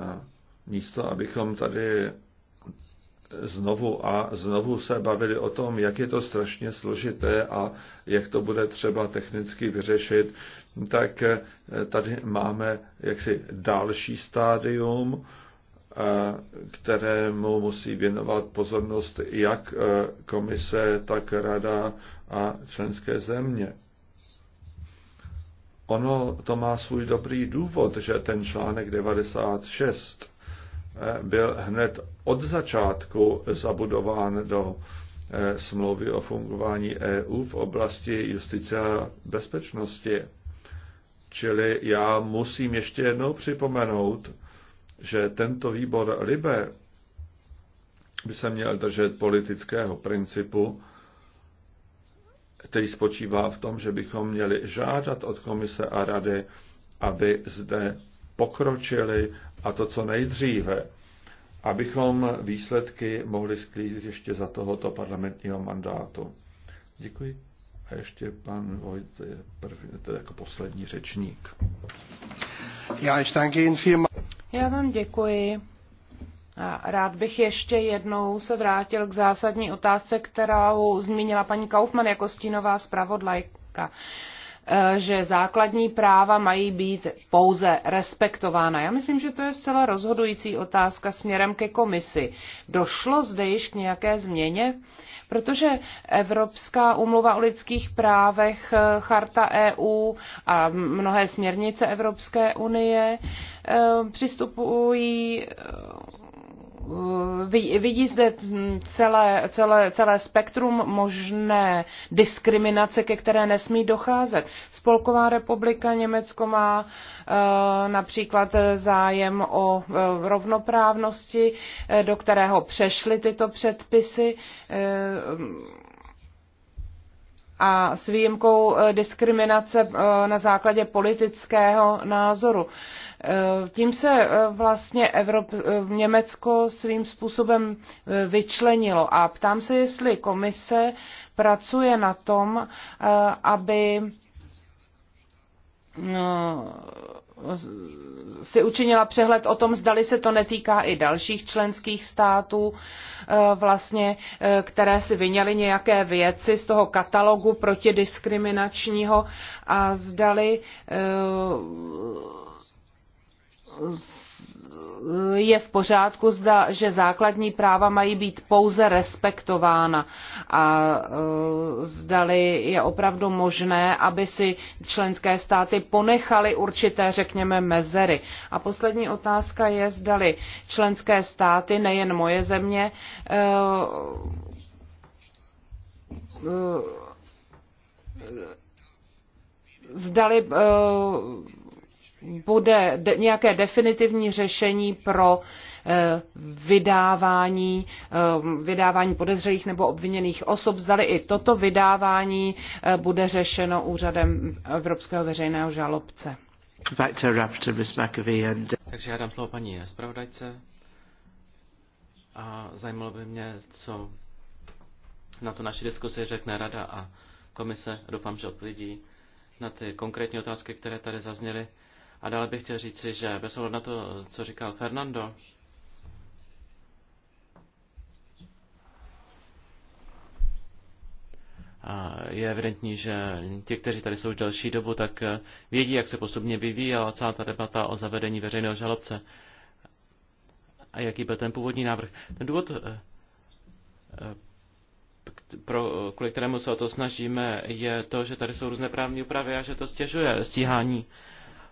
A místo, abychom tady znovu a znovu se bavili o tom, jak je to strašně složité a jak to bude třeba technicky vyřešit, tak eh, tady máme jaksi další stádium, kterému musí věnovat pozornost jak e, komise, tak rada a členské země. Ono to má svůj dobrý důvod, že ten článek 96 e, byl hned od začátku zabudován do e, smlouvy o fungování EU v oblasti justice a bezpečnosti. Čili já musím ještě jednou připomenout, že tento výbor Libe by se měl držet politického principu, který spočívá v tom, že bychom měli žádat od komise a rady, aby zde pokročili a to co nejdříve, abychom výsledky mohli sklízet ještě za tohoto parlamentního mandátu. Děkuji. A ještě pan Vojt je první, jako poslední řečník. Já ještě já vám děkuji. A rád bych ještě jednou se vrátil k zásadní otázce, kterou zmínila paní Kaufmann jako stínová zpravodlajka. Eh, že základní práva mají být pouze respektována. Já myslím, že to je zcela rozhodující otázka směrem ke komisi. Došlo zde již k nějaké změně? Protože Evropská umluva o lidských právech, eh, Charta EU a mnohé směrnice Evropské unie eh, přistupují vidí zde celé, celé, celé spektrum možné diskriminace, ke které nesmí docházet. Spolková republika Německo má eh, například zájem o eh, rovnoprávnosti, eh, do kterého přešly tyto předpisy a s výjimkou diskriminace na základě politického názoru. Eh, tím se eh, vlastně Evrop, eh, Německo svým způsobem vyčlenilo a ptám se, jestli komise pracuje na tom, aby no, si učinila přehled o tom, zdali se to netýká i dalších členských států, vlastně, které si vyněly nějaké věci z toho katalogu protidiskriminačního a zdali je v pořádku, zda, že základní práva mají být pouze respektována a e, zdali je opravdu možné, aby si členské státy ponechaly určité, řekněme, mezery. A poslední otázka je, zdali členské státy, nejen moje země, e, e, zdali bude de, nějaké definitivní řešení pro eh, vydávání, eh, vydávání podezřelých nebo obviněných osob. Zdali i toto vydávání eh, bude řešeno úřadem Evropského veřejného žalobce. Takže já dám slovo paní zpravodajce a zajímalo by mě, co na to naši diskusi řekne rada a komise. Doufám, že odpovědí na ty konkrétní otázky, které tady zazněly. A dále bych chtěl říci, že bez ohledu na to, co říkal Fernando, A je evidentní, že ti, kteří tady jsou delší dobu, tak vědí, jak se postupně vyvíjela celá ta debata o zavedení veřejného žalobce a jaký byl ten původní návrh. Ten důvod, eh, eh, pro, kvůli kterému se o to snažíme, je to, že tady jsou různé právní úpravy a že to stěžuje stíhání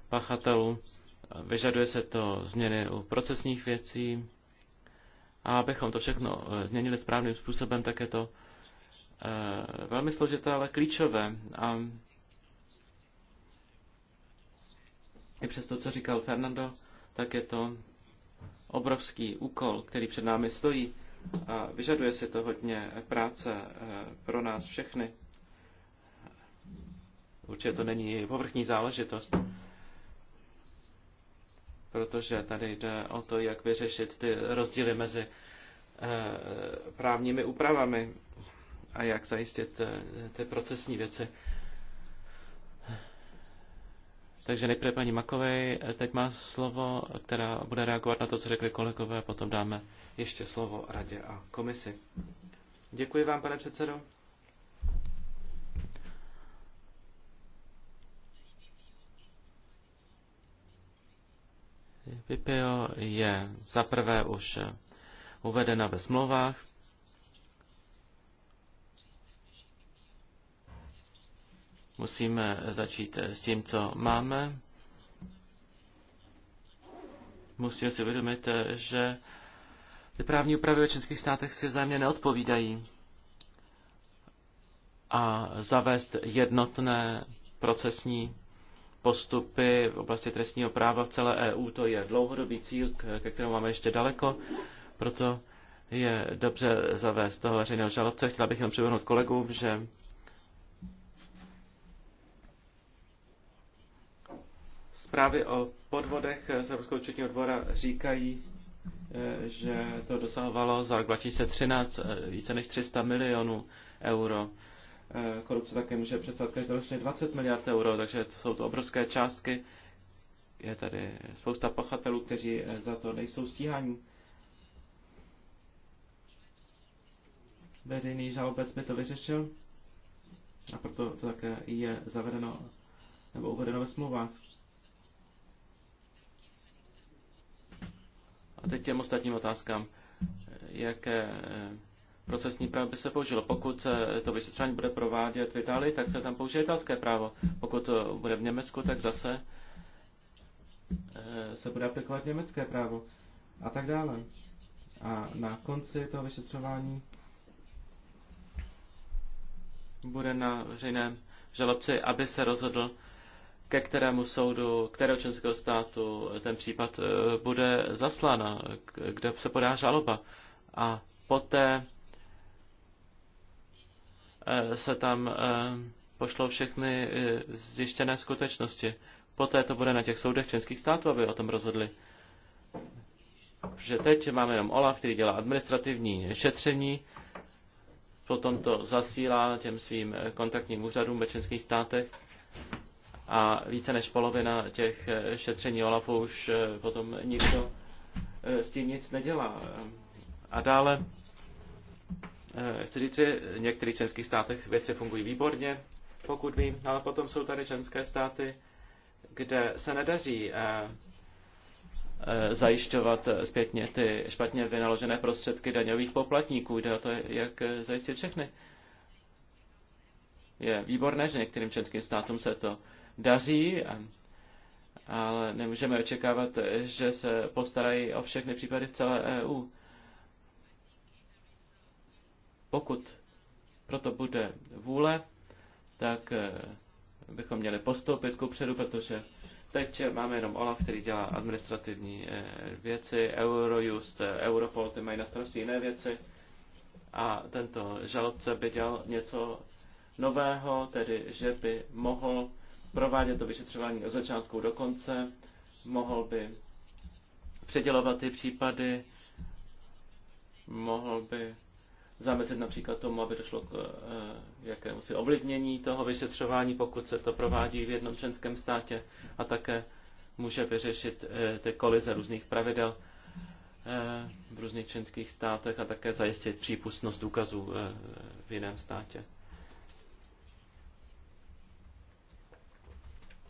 pachatelů. Vyžaduje se to změny u procesních věcí. A abychom to všechno eh, změnili správným způsobem, tak je to eh, velmi složité, ale klíčové. A i přes to, co říkal Fernando, tak je to obrovský úkol, který před námi stojí a vyžaduje si to hodně eh, práce pro nás všechny. Určitě to není povrchní záležitost protože tady jde o to, jak vyřešit ty rozdíly mezi eh, právními úpravami a jak zajistit eh, ty procesní věci. Takže nejprve paní Makovej, eh, teď má slovo, která bude reagovat na to, co řekli kolegové, potom dáme ještě slovo radě a komisi. Děkuji vám, pane předsedo. PPO je zaprvé už uvedena ve smlouvách, musíme začít s tím, co máme. Musíme si uvědomit, že ty právní úpravy ve českých státech si vzájemně neodpovídají. A zavést jednotné procesní postupy v oblasti trestního práva v celé EU. To je dlouhodobý cíl, ke kterému máme ještě daleko, proto je dobře zavést toho veřejného žalobce. Chtěla bych jenom připomenout kolegům, že zprávy o podvodech z Evropského účetního dvora říkají, eh, že to dosahovalo za rok 2013 eh, více než 300 milionů euro Eh, korupce také může představovat každoročně 20 miliard euro, takže to jsou to obrovské částky. Je tady spousta pachatelů, kteří eh, za to nejsou stíhaní. Veřejný žalobec by to vyřešil a proto to také je zavedeno nebo uvedeno ve smlouvách. A teď těm ostatním otázkám. Jaké eh, procesní právo by se použilo. Pokud se to vyšetřování bude provádět v Itálii, tak se tam použije italské právo. Pokud to bude v Německu, tak zase eh, se bude aplikovat německé právo a tak dále. A na konci toho vyšetřování bude na veřejném žalobci, aby se rozhodl, ke kterému soudu, kterého členského státu ten případ eh, bude zaslána, kde se podá žaloba. A poté Eh, se tam eh, pošlou všechny eh, zjištěné skutečnosti. Poté to bude na těch soudech členských států, aby o tom rozhodli. Že teď máme jenom OLAF, který dělá administrativní šetření, potom to zasílá těm svým kontaktním úřadům ve členských státech a více než polovina těch šetření OLAFu už potom nikdo s tím nic nedělá. A dále Eh, chci říct, že v některých členských státech věci fungují výborně, pokud vím, ale potom jsou tady členské státy, kde se nedaří eh, eh, zajišťovat zpětně ty špatně vynaložené prostředky daňových poplatníků. Jde o to, jak zajistit všechny. Je výborné, že některým českým státům se to daří, ale nemůžeme očekávat, že se postarají o všechny případy v celé EU. Pokud proto bude vůle, tak eh, bychom měli postoupit ku předu, protože teď máme jenom OLAF, který dělá administrativní eh, věci, Eurojust, eh, Europol, ty mají na starosti jiné věci a tento žalobce by dělal něco nového, tedy že by mohl provádět to vyšetřování od začátku do konce, mohl by předělovat ty případy, mohl by zamezit například tomu, aby došlo k eh, jakému si ovlivnění toho vyšetřování, pokud se to provádí v jednom členském státě a také může vyřešit eh, ty kolize různých pravidel eh, v různých členských státech a také zajistit přípustnost důkazů v jiném státě.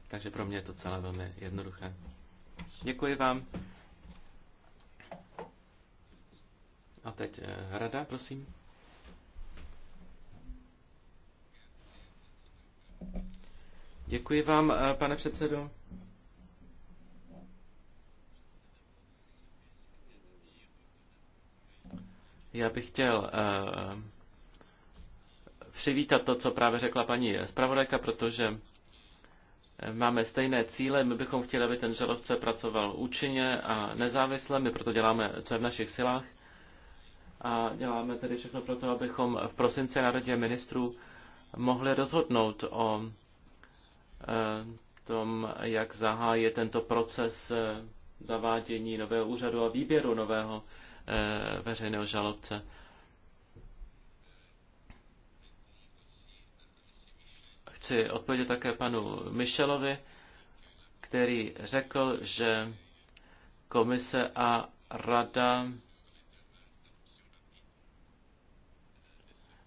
Takže pro mě je to celé velmi jednoduché. Děkuji vám. A teď eh, rada, prosím. Děkuji vám, eh, pane předsedo. Já bych chtěl eh, přivítat to, co právě řekla paní zpravodajka, protože máme stejné cíle. My bychom chtěli, aby ten žalovce pracoval účinně a nezávisle. My proto děláme, co je v našich silách a děláme tedy všechno pro to, abychom v prosinci na radě ministrů mohli rozhodnout o eh, tom, jak zahájit tento proces eh, zavádění nového úřadu a výběru nového eh, veřejného žalobce. Chci odpovědět také panu Michelovi, který řekl, že komise a rada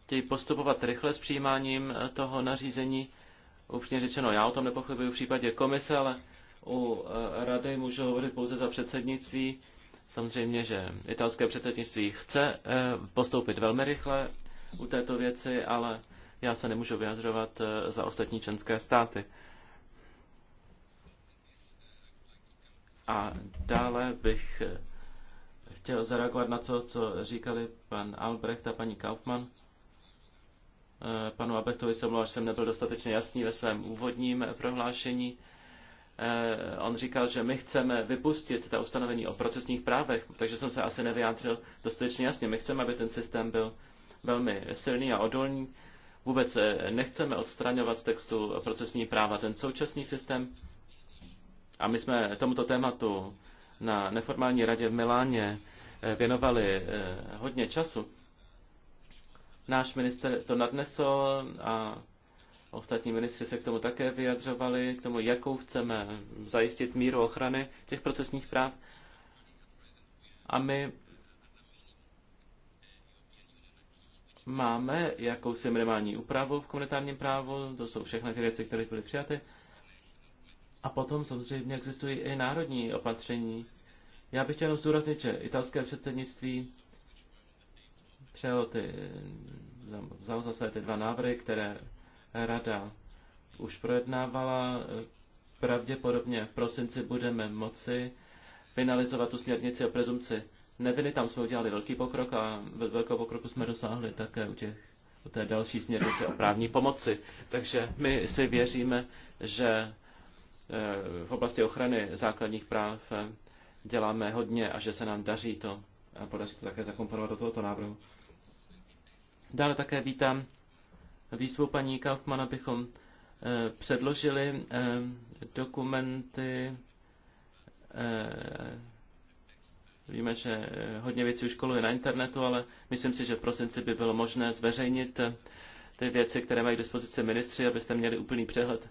chtějí postupovat rychle s přijímáním eh, toho nařízení. Upřímně řečeno, já o tom nepochybuji v případě komise, ale u eh, rady můžu hovořit pouze za předsednictví. Samozřejmě, že italské předsednictví chce eh, postoupit velmi rychle u této věci, ale já se nemůžu vyjadřovat za ostatní členské státy. A dále bych chtěl zareagovat na to, co říkali pan Albrecht a paní Kaufmann. Eh, panu Abertovi se omlouvám, že jsem nebyl dostatečně jasný ve svém úvodním prohlášení. Eh, on říkal, že my chceme vypustit ta ustanovení o procesních právech, takže jsem se asi nevyjádřil dostatečně jasně. My chceme, aby ten systém byl velmi silný a odolný. Vůbec eh, nechceme odstraňovat z textu procesní práva ten současný systém. A my jsme tomuto tématu na neformální radě v Miláně věnovali hodně času. Náš minister to nadnesl a ostatní ministři se k tomu také vyjadřovali, k tomu, jakou chceme zajistit míru ochrany těch procesních práv. A my máme jakousi minimální úpravu v komunitárním právu, to jsou všechny ty věci, které byly přijaty. A potom samozřejmě existují i národní opatření. Já bych chtěl jenom zdůraznit, že italské předsednictví přijal ty, vzal za ty dva návrhy, které rada už projednávala. Pravděpodobně v prosinci budeme moci finalizovat tu směrnici o prezumci neviny. Tam jsme udělali velký pokrok a velkého pokroku jsme dosáhli také u těch u té další směrnice o právní pomoci. Takže my si věříme, že e, v oblasti ochrany základních práv e, děláme hodně a že se nám daří to a podaří to také zakomponovat do tohoto návrhu. Dále také vítám výzvu paní Kaufmana, abychom eh, předložili eh, dokumenty. Eh, víme, že hodně věcí už koluje na internetu, ale myslím si, že v prosinci by bylo možné zveřejnit ty věci, které mají k dispozici ministři, abyste měli úplný přehled.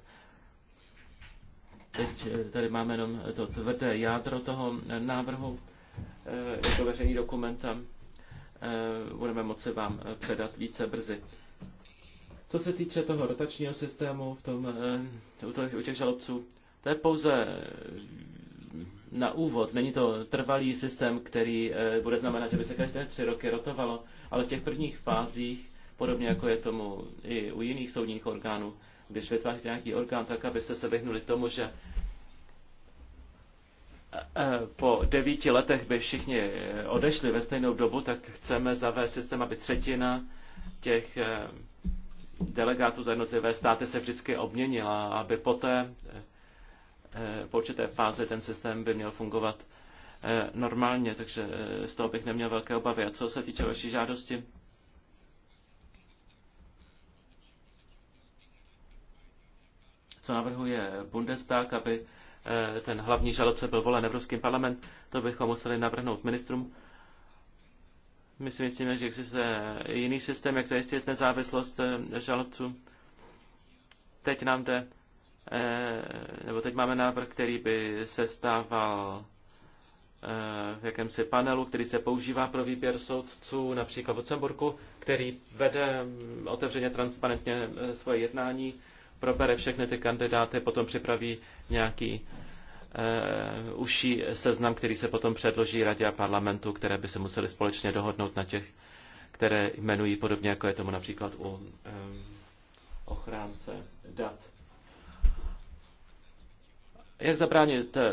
Teď tady máme jenom to tvrdé jádro toho návrhu jako veřejný dokument. Eh, budeme moci vám eh, předat více brzy. Co se týče toho rotačního systému v tom, eh, u těch žalobců, to je pouze na úvod. Není to trvalý systém, který bude znamenat, že by se každé tři roky rotovalo, ale v těch prvních fázích, podobně jako je tomu i u jiných soudních orgánů, když vytváříte nějaký orgán, tak abyste se vyhnuli tomu, že Eh, po devíti letech by všichni eh, odešli ve stejnou dobu, tak chceme zavést systém, aby třetina těch eh, delegátů za jednotlivé státy se vždycky obměnila, aby poté po určité fázi ten systém by měl fungovat normálně, takže z toho bych neměl velké obavy. A co se týče vaší žádosti? Co navrhuje Bundestag, aby Eh, ten hlavní žalobce byl volen Evropským parlament, to bychom museli navrhnout ministrům. My si myslíme, že existuje jiný systém, jak zajistit nezávislost eh, žalobců. Teď nám jde, eh, nebo teď máme návrh, který by se stával v jakémsi panelu, který se používá pro výběr soudců, například v Lucemburku, který vede mm, otevřeně transparentně svoje jednání probere všechny ty kandidáty, potom připraví nějaký uh, eh, užší seznam, který se potom předloží radě a parlamentu, které by se museli společně dohodnout na těch, které jmenují podobně, jako je tomu například u um, ochránce dat. Jak zabránit eh,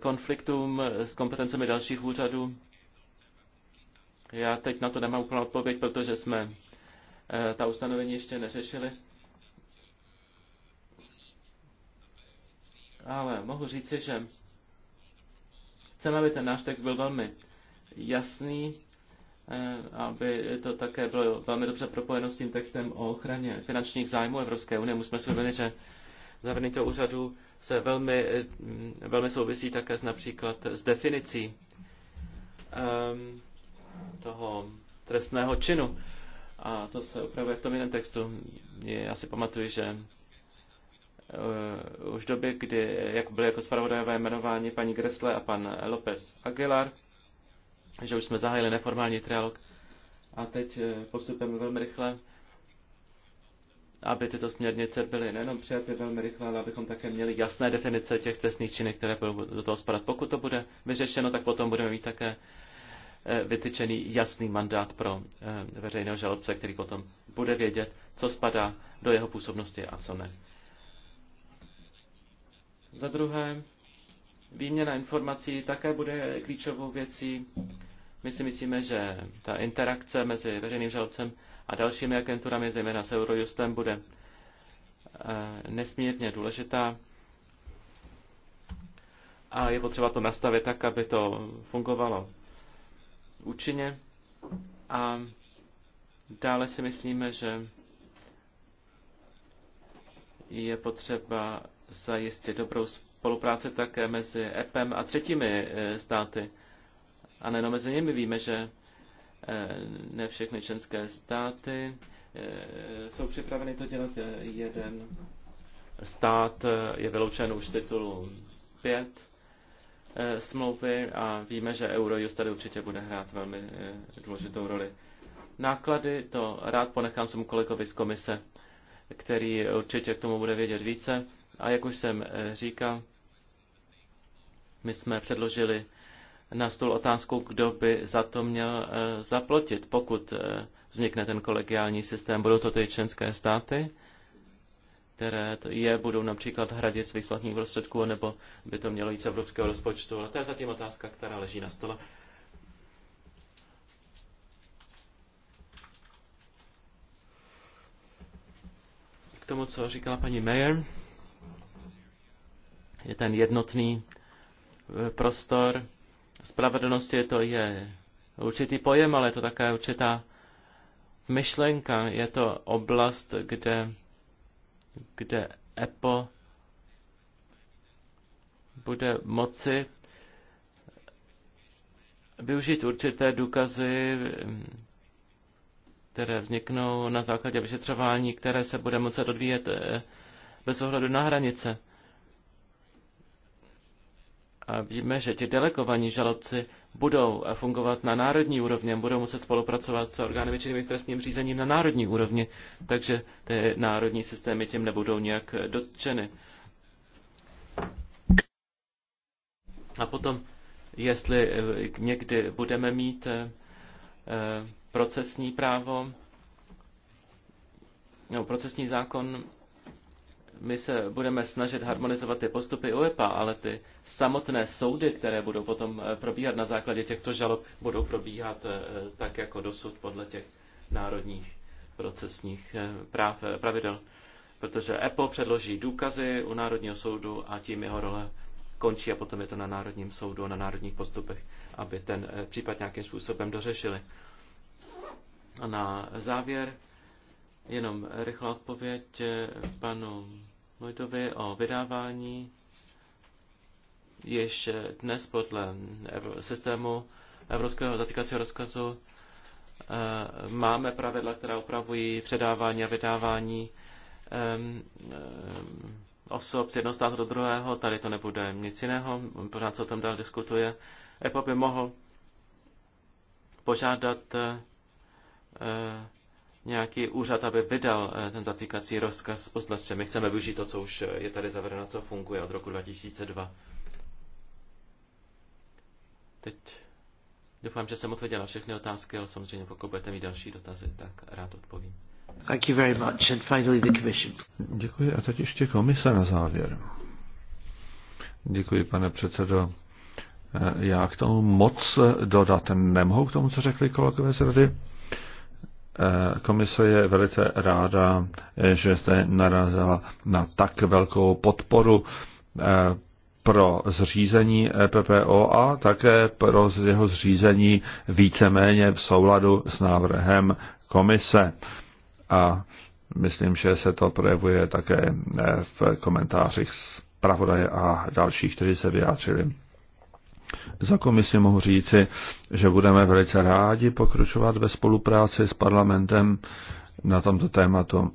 konfliktům s kompetencemi dalších úřadů? Já teď na to nemám úplnou odpověď, protože jsme ta ustanovení ještě neřešili. ale mohu říci, že chceme, aby ten náš text byl velmi jasný, eh, aby to také bylo velmi dobře propojeno s tím textem o ochraně finančních zájmů Evropské unie. Musíme si uvědomit, že zavedení toho úřadu se velmi, eh, velmi souvisí také s například s definicí um, toho trestného činu. A to se upravuje v tom jiném textu. Já si pamatuju, že Eh, už době, kdy jak byly jako spravodajové jmenováni paní Gresle a pan López Aguilar, že už jsme zahájili neformální trialog a teď eh, postupujeme velmi rychle, aby tyto směrnice byly nejenom přijaty velmi rychle, ale abychom také měli jasné definice těch trestných činů, které budou do toho spadat. Pokud to bude vyřešeno, tak potom budeme mít také eh, vytyčený jasný mandát pro veřejného žalobce, který potom bude vědět, co spadá do jeho působnosti a co ne. Za druhé, výměna informací také bude klíčovou věcí. My si myslíme, že ta interakce mezi veřejným žalobcem a dalšími agenturami, zejména s Eurojustem, bude eh, nesmírně důležitá. A je potřeba to nastavit tak, aby to fungovalo účinně. A dále si myslíme, že je potřeba zajistit dobrou spolupráci také mezi EPem a třetími eh, státy. A nejenom mezi nimi víme, že eh, ne všechny členské státy eh, jsou připraveny to dělat. Jeden stát je vyloučen už z titulu 5 smlouvy a víme, že Eurojust tady určitě bude hrát velmi důležitou roli. Náklady to rád ponechám svému kolegovi z komise, který určitě k tomu bude vědět více. A jak už jsem eh, říkal, my jsme předložili na stůl otázku, kdo by za to měl eh, zaplatit, pokud eh, vznikne ten kolegiální systém. Budou to ty členské státy, které je budou například hradit z výsledných prostředků, nebo by to mělo jít z evropského rozpočtu. Ale to je zatím otázka, která leží na stole. K tomu, co říkala paní Mayer, je ten jednotný e, prostor. Spravedlnost je to je určitý pojem, ale je to také určitá myšlenka. Je to oblast, kde, kde EPO bude moci využít určité důkazy, které vzniknou na základě vyšetřování, které se bude moci odvíjet e, bez ohledu na hranice. A víme, že ti delegovaní žalobci budou fungovat na národní úrovni, budou muset spolupracovat s orgány většinými v trestním řízení na národní úrovni, takže ty národní systémy těm nebudou nějak dotčeny. A potom, jestli eh, někdy budeme mít eh, eh, procesní právo, nebo procesní zákon, my se budeme snažit harmonizovat ty postupy UEPA, ale ty samotné soudy, které budou potom eh, probíhat na základě těchto žalob, budou probíhat eh, tak jako dosud podle těch národních procesních eh, práv, pravidel. Protože EPO předloží důkazy u Národního soudu a tím jeho role končí a potom je to na Národním soudu a na národních postupech, aby ten případ nějakým způsobem dořešili. A na závěr Jenom rychlá odpověď panu Mojtovi o vydávání. Již dnes podle systému Evropského zatýkacího rozkazu eh, máme pravidla, která upravují předávání a vydávání osob z jednoho státu do druhého. Tady to nebude nic jiného, pořád se o tom dál diskutuje. EPO by mohl požádat eh, nějaký úřad, aby vydal eh, ten zatýkací rozkaz s My chceme využít to, co už eh, je tady zavedeno, co funguje od roku 2002. Teď doufám, že jsem odpověděl na všechny otázky, ale samozřejmě pokud budete mít další dotazy, tak rád odpovím. Thank you very much. And finally the commission. Děkuji a teď ještě komise na závěr. Děkuji, pane předsedo. Eh, já k tomu moc dodat nemohu, k tomu, co řekli kolegové z rady. Komise je velice ráda, že jste narazila na tak velkou podporu eh, pro zřízení EPPO a také pro jeho zřízení víceméně v souladu s návrhem komise. A myslím, že se to projevuje také eh, v komentářích zpravodaje a dalších, kteří se vyjádřili. Za komisi mohu říci, že budeme velice rádi pokračovat ve spolupráci s parlamentem na tomto tématu.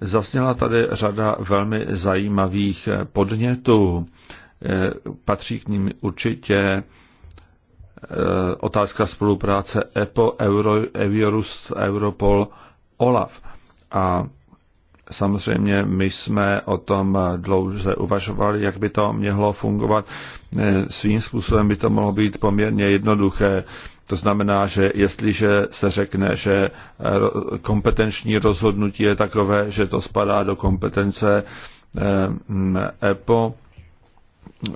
Zasněla tady řada velmi zajímavých podnětů. Eh, patří k ním určitě eh, otázka spolupráce EPO, Euro, Eurus, Europol, OLAF. A Samozřejmě my jsme o tom dlouze uvažovali, jak by to mělo fungovat. Eh, svým způsobem by to mohlo být poměrně jednoduché. To znamená, že jestliže se řekne, že kompetenční rozhodnutí je takové, že to spadá do kompetence eh, EPO,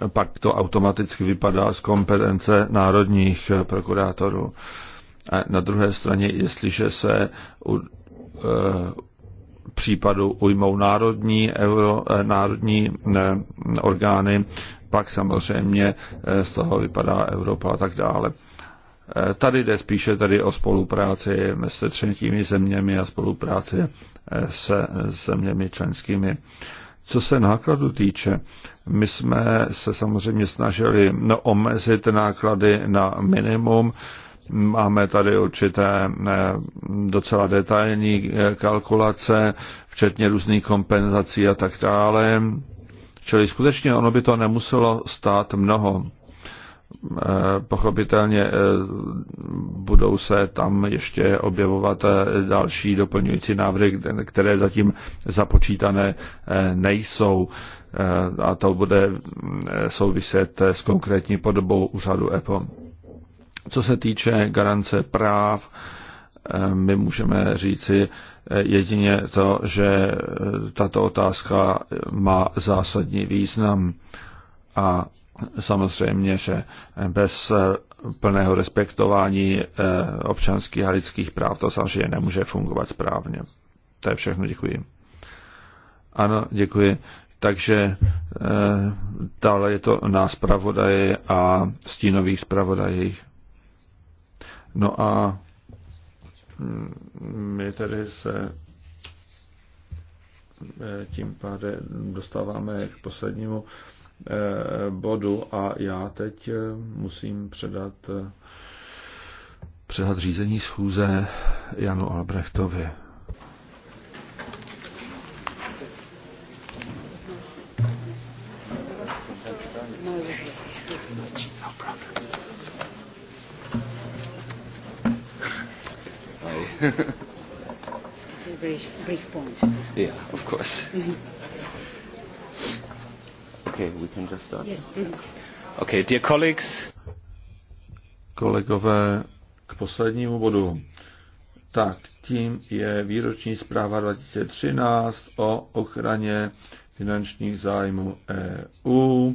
pak to automaticky vypadá z kompetence národních eh, prokurátorů. A na druhé straně, jestliže se případu ujmou národní, euro, eh, národní eh, orgány, pak samozřejmě eh, z toho vypadá Evropa a tak dále. Tady jde spíše tady o spolupráci s třetími zeměmi a spolupráci se zeměmi členskými. Co se nákladu týče, my jsme se samozřejmě snažili omezit náklady na minimum, Máme tady určité eh, docela detailní eh, kalkulace, včetně různých kompenzací a tak dále. Čili skutečně ono by to nemuselo stát mnoho. Eh, pochopitelně budou se tam ještě objevovat další doplňující návrhy, které zatím započítané nejsou. A to bude mm, souviset s konkrétní podobou úřadu EPO. Co se týče garance práv, eh, my můžeme říci eh, jedině to, že eh, tato otázka má zásadní význam a samozřejmě, že bez plného respektování občanských a lidských práv to samozřejmě nemůže fungovat správně. To je všechno, děkuji. Ano, děkuji. Takže dále je to na zpravodaji a stínových zpravodajích. No a mm, my tedy se eh, tím pádem dostáváme k poslednímu eh, bodu a já teď eh, musím předat předat řízení schůze Janu Albrechtovi. it's a very brief point. Yeah, of course. Mm-hmm. okay, we can just start. Yes. Okay, dear colleagues. Kolegové, k poslednímu bodu. Tak, tím je výroční zpráva 2013 o ochraně finančních zájmů EU,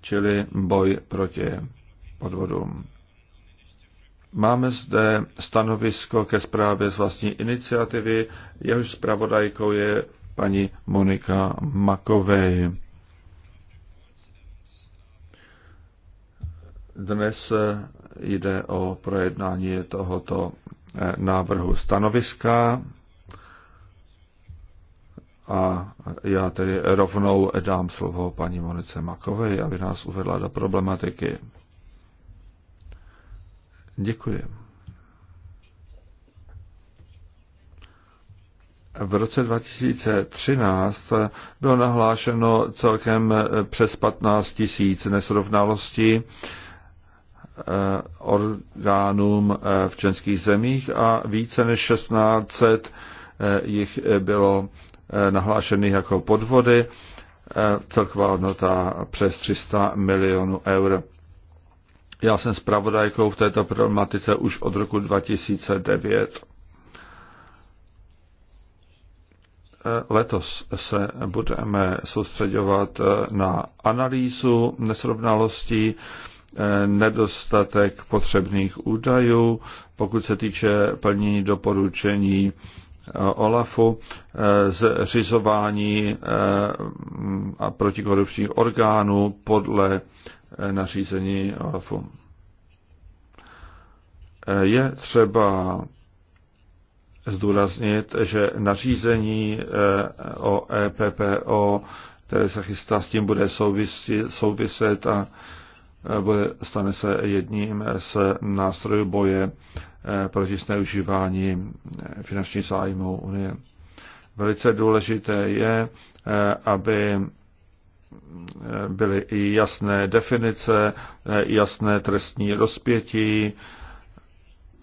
čili boj proti podvodům. Máme zde stanovisko ke zprávě z vlastní iniciativy, jehož zpravodajkou je paní Monika Makovej. Dnes jde o projednání tohoto eh, návrhu stanoviska a já tedy rovnou dám slovo paní Monice Makovej, aby nás uvedla do problematiky. Děkuji. V roce 2013 bylo nahlášeno celkem přes 15 tisíc nesrovnalostí eh, orgánům eh, v českých zemích a více než 16 eh, jich bylo nahlášených jako podvody, celková hodnota přes 300 milionů euro. Já jsem zpravodajkou v této problematice už od roku 2009. Letos se budeme soustředovat na analýzu nesrovnalostí, nedostatek potřebných údajů, pokud se týče plnění doporučení OLAFu, zřizování eh, protikorupčních orgánů podle nařízení Alfu. Je třeba zdůraznit, že nařízení eh, o EPPO, které se chystá, s tím bude souviset a eh, bude, stane se jedním z nástrojů boje eh, proti zneužívání finančních zájmů Unie. Velice důležité je, aby byly i jasné definice, jasné trestní rozpětí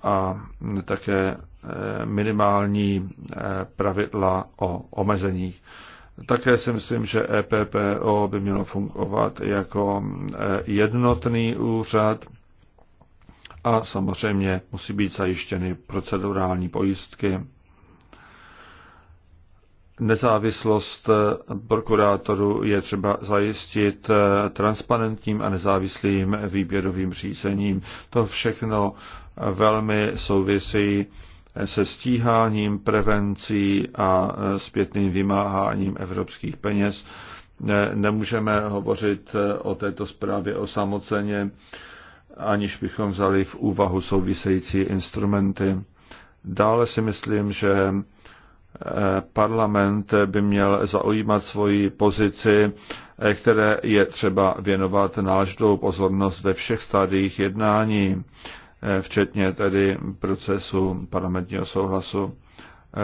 a také eh, minimální eh, pravidla o omezeních. Také si myslím, že EPPO by mělo fungovat jako eh, jednotný úřad a samozřejmě musí být zajištěny procedurální pojistky. Nezávislost prokurátorů je třeba zajistit transparentním a nezávislým výběrovým řízením. To všechno velmi souvisí se stíháním, prevencí a zpětným vymáháním evropských peněz. Nemůžeme hovořit o této zprávě osamoceně, aniž bychom vzali v úvahu související instrumenty. Dále si myslím, že parlament by měl zaujímat svoji pozici, které je třeba věnovat náležitou pozornost ve všech stádiích jednání, včetně tedy procesu parlamentního souhlasu.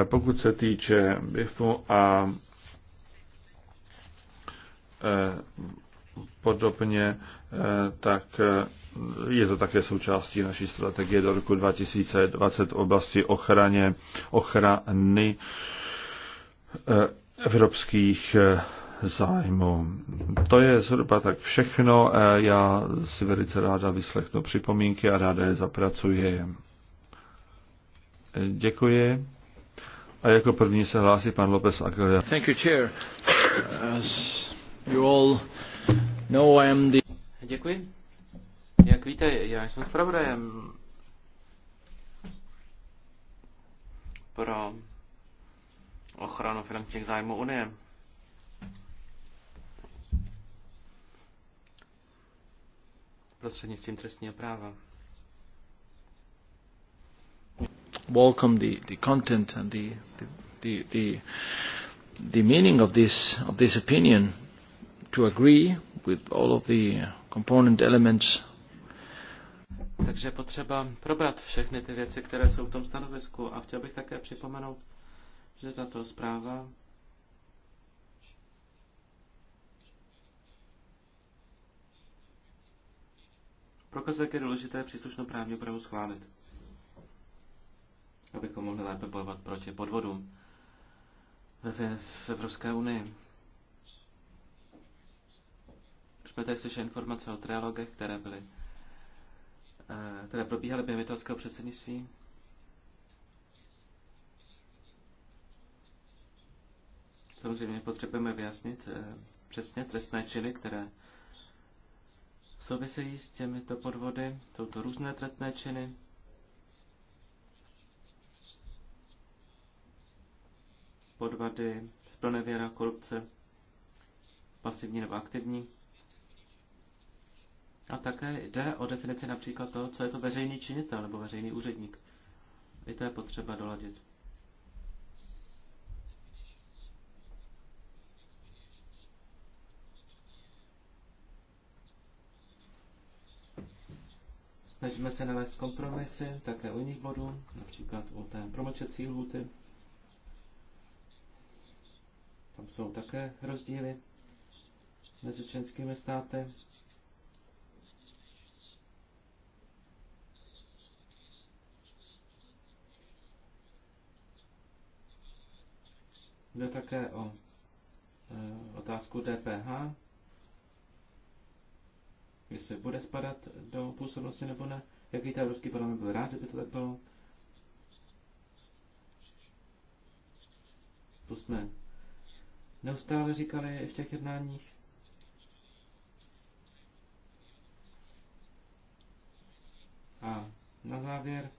Pokud se týče BIFu a eh, podobně, eh, tak eh, je to také součástí naší strategie do roku 2020 v oblasti ochraně, ochrany eh, evropských zájmu. To je zhruba tak všechno. Já si velice ráda vyslechnu připomínky a ráda je zapracuji. Děkuji. A jako první se hlásí pan López Aguilar. Thank you, chair. As you all No, I am the... Děkuji. Jak víte, já jsem zpravodajem pro ochranu finančních zájmů Unie. Prostřednictvím trestního práva. Welcome the, the content and the, the, the, the, the meaning of this, of this opinion to agree with all of the component elements. Takže potřeba probrat všechny ty věci, které jsou v tom stanovisku. A chtěl bych také připomenout, že tato zpráva prokazuje, jak je důležité příslušnou právní úpravu schválit, abychom mohli lépe bojovat proti podvodům ve v Evropské unii. Byly tady slyšet informace o trialogech, které byly eh, které probíhaly během italského předsednictví. Samozřejmě potřebujeme vyjasnit eh, přesně trestné činy, které souvisejí s těmito podvody. Jsou to různé trestné činy. Podvady, věra korupce, pasivní nebo aktivní. A také jde o definici například toho, co je to veřejný činitel nebo veřejný úředník. I to je potřeba doladit. Snažíme se nalézt kompromisy také u jiných bodů, například u té promlčecí lhuty. Tam jsou také rozdíly mezi členskými státy. Jde také o e, otázku DPH, jestli bude spadat do působnosti nebo ne. Jak víte, Evropský parlament byl rád, kdyby to tak bylo. To jsme neustále říkali v těch jednáních. A na závěr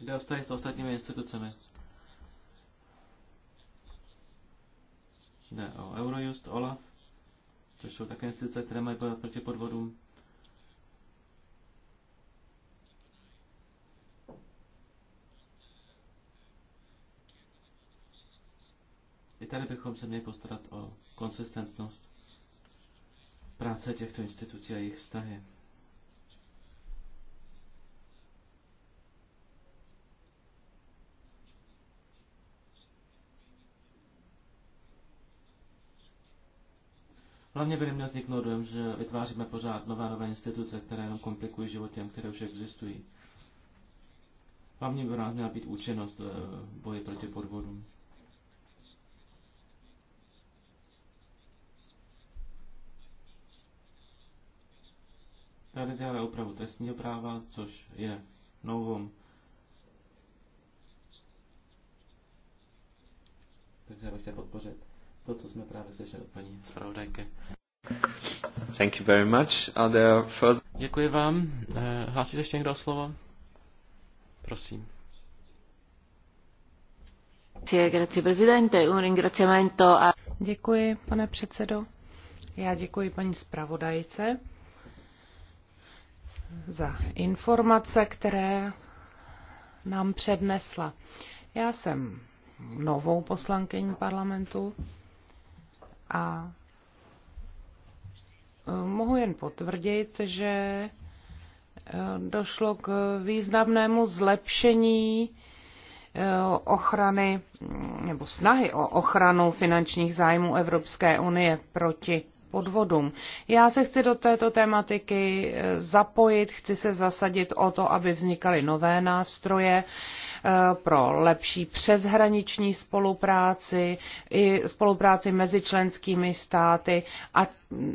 Jde o vztahy s ostatními institucemi. Jde o Eurojust, OLAF, což jsou také instituce, které mají bojovat proti podvodům. I tady bychom se měli postarat o konsistentnost práce těchto institucí a jejich vztahy. Hlavně by neměl vzniknout dojem, že vytváříme pořád nové nové instituce, které jenom komplikují život těm, které už existují. Hlavně by nás měla být účinnost eh, boji proti podvodům. Tady děláme úpravu trestního práva, což je novom. Takže bych chtěl podpořit to, co jsme právě slyšeli od paní zpravodajky. Thank you very much. Are there further... Děkuji vám. Eh, hlásí se ještě někdo o slovo? Prosím. Děkuji, pane předsedo. Já děkuji paní zpravodajce za informace, které nám přednesla. Já jsem novou poslankyní parlamentu a e, mohu jen potvrdit, že e, došlo k významnému zlepšení e, ochrany nebo snahy o ochranu finančních zájmů Evropské unie proti podvodům. Já se chci do této tématiky zapojit, chci se zasadit o to, aby vznikaly nové nástroje, Eh, pro lepší přeshraniční spolupráci i spolupráci mezi členskými státy a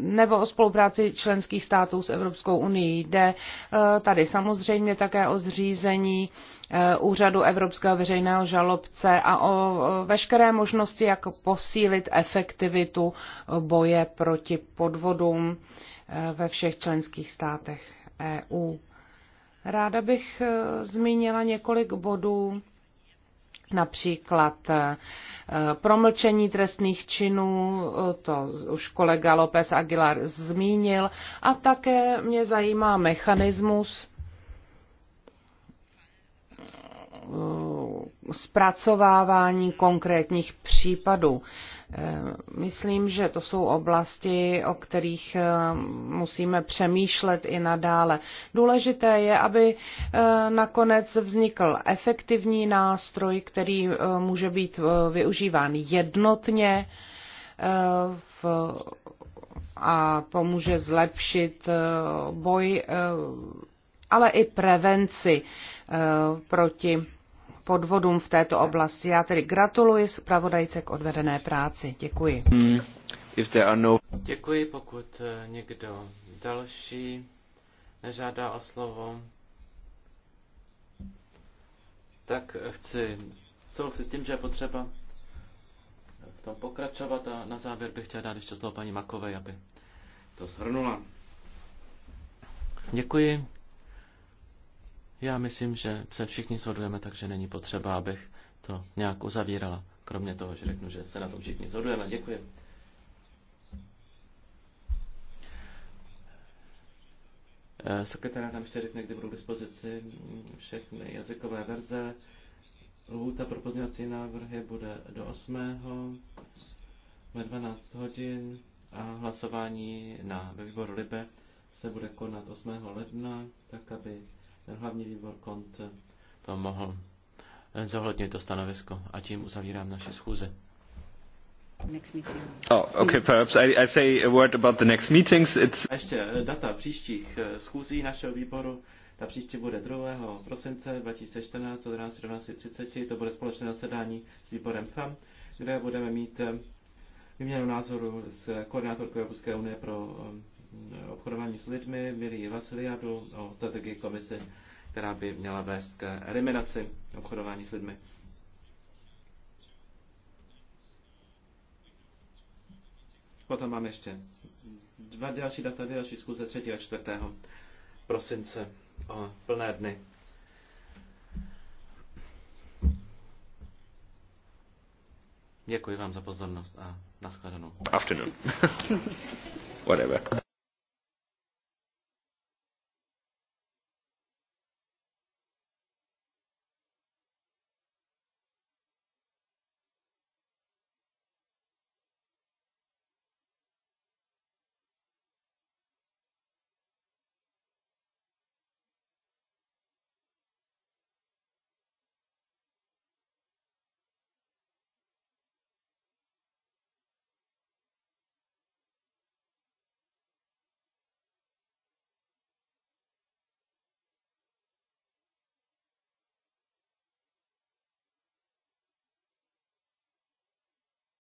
nebo o spolupráci členských států s Evropskou unii. Jde eh, tady samozřejmě také o zřízení eh, úřadu Evropského veřejného žalobce a o veškeré možnosti, jak posílit efektivitu boje proti podvodům ve všech členských státech EU. Ráda bych eh, zmínila několik bodů, například eh, promlčení trestných činů, eh, to už kolega López Aguilar zmínil, a také mě zajímá mechanismus zpracovávání konkrétních případů. Eh, myslím, že to jsou oblasti, o kterých eh, musíme přemýšlet i nadále. Důležité je, aby eh, nakonec vznikl efektivní nástroj, který může být využíván jednotně a pomůže zlepšit boj, ale i prevenci proti podvodům v této oblasti. Já tedy gratuluji zpravodajce k odvedené práci. Děkuji. Hmm. No- Děkuji, pokud eh, někdo další nežádá o slovo, tak chci souhlasit s tím, že je potřeba v tom pokračovat a na závěr bych chtěl dát ještě slovo paní Makové, aby to shrnula. Děkuji. Já myslím, že se všichni shodujeme, takže není potřeba, abych to nějak uzavírala. Kromě toho, že řeknu, že se na tom všichni shodujeme. Děkuji. Eh, Sekretář nám ještě řekne, kdy budou k dispozici všechny jazykové verze. Lhůta pro pozměňovací návrhy bude do 8. ve 12 hodin a hlasování na, výboru Libe se bude konat 8. ledna, tak aby hlavní výbor KONT eh, to mohl eh, zohlednit to stanovisko a tím uzavírám naše schůze. Oh, okay, perhaps I, I say a word about the next meetings. It's... A ještě eh, data příštích schůzí našeho výboru. Ta příště bude 2. prosince 2014 od 11.30. To bude společné zasedání s výborem FAM, kde budeme mít výměnu názoru s koordinátorkou Evropské unie pro obchodování s lidmi Miri Vasiliadu o strategii komise, která by měla vést k eliminaci obchodování s lidmi. Potom mám ještě dva další data, další zkuze 3. a 4. prosince o plné dny. Děkuji vám za pozornost a nashledanou. Afternoon. Whatever.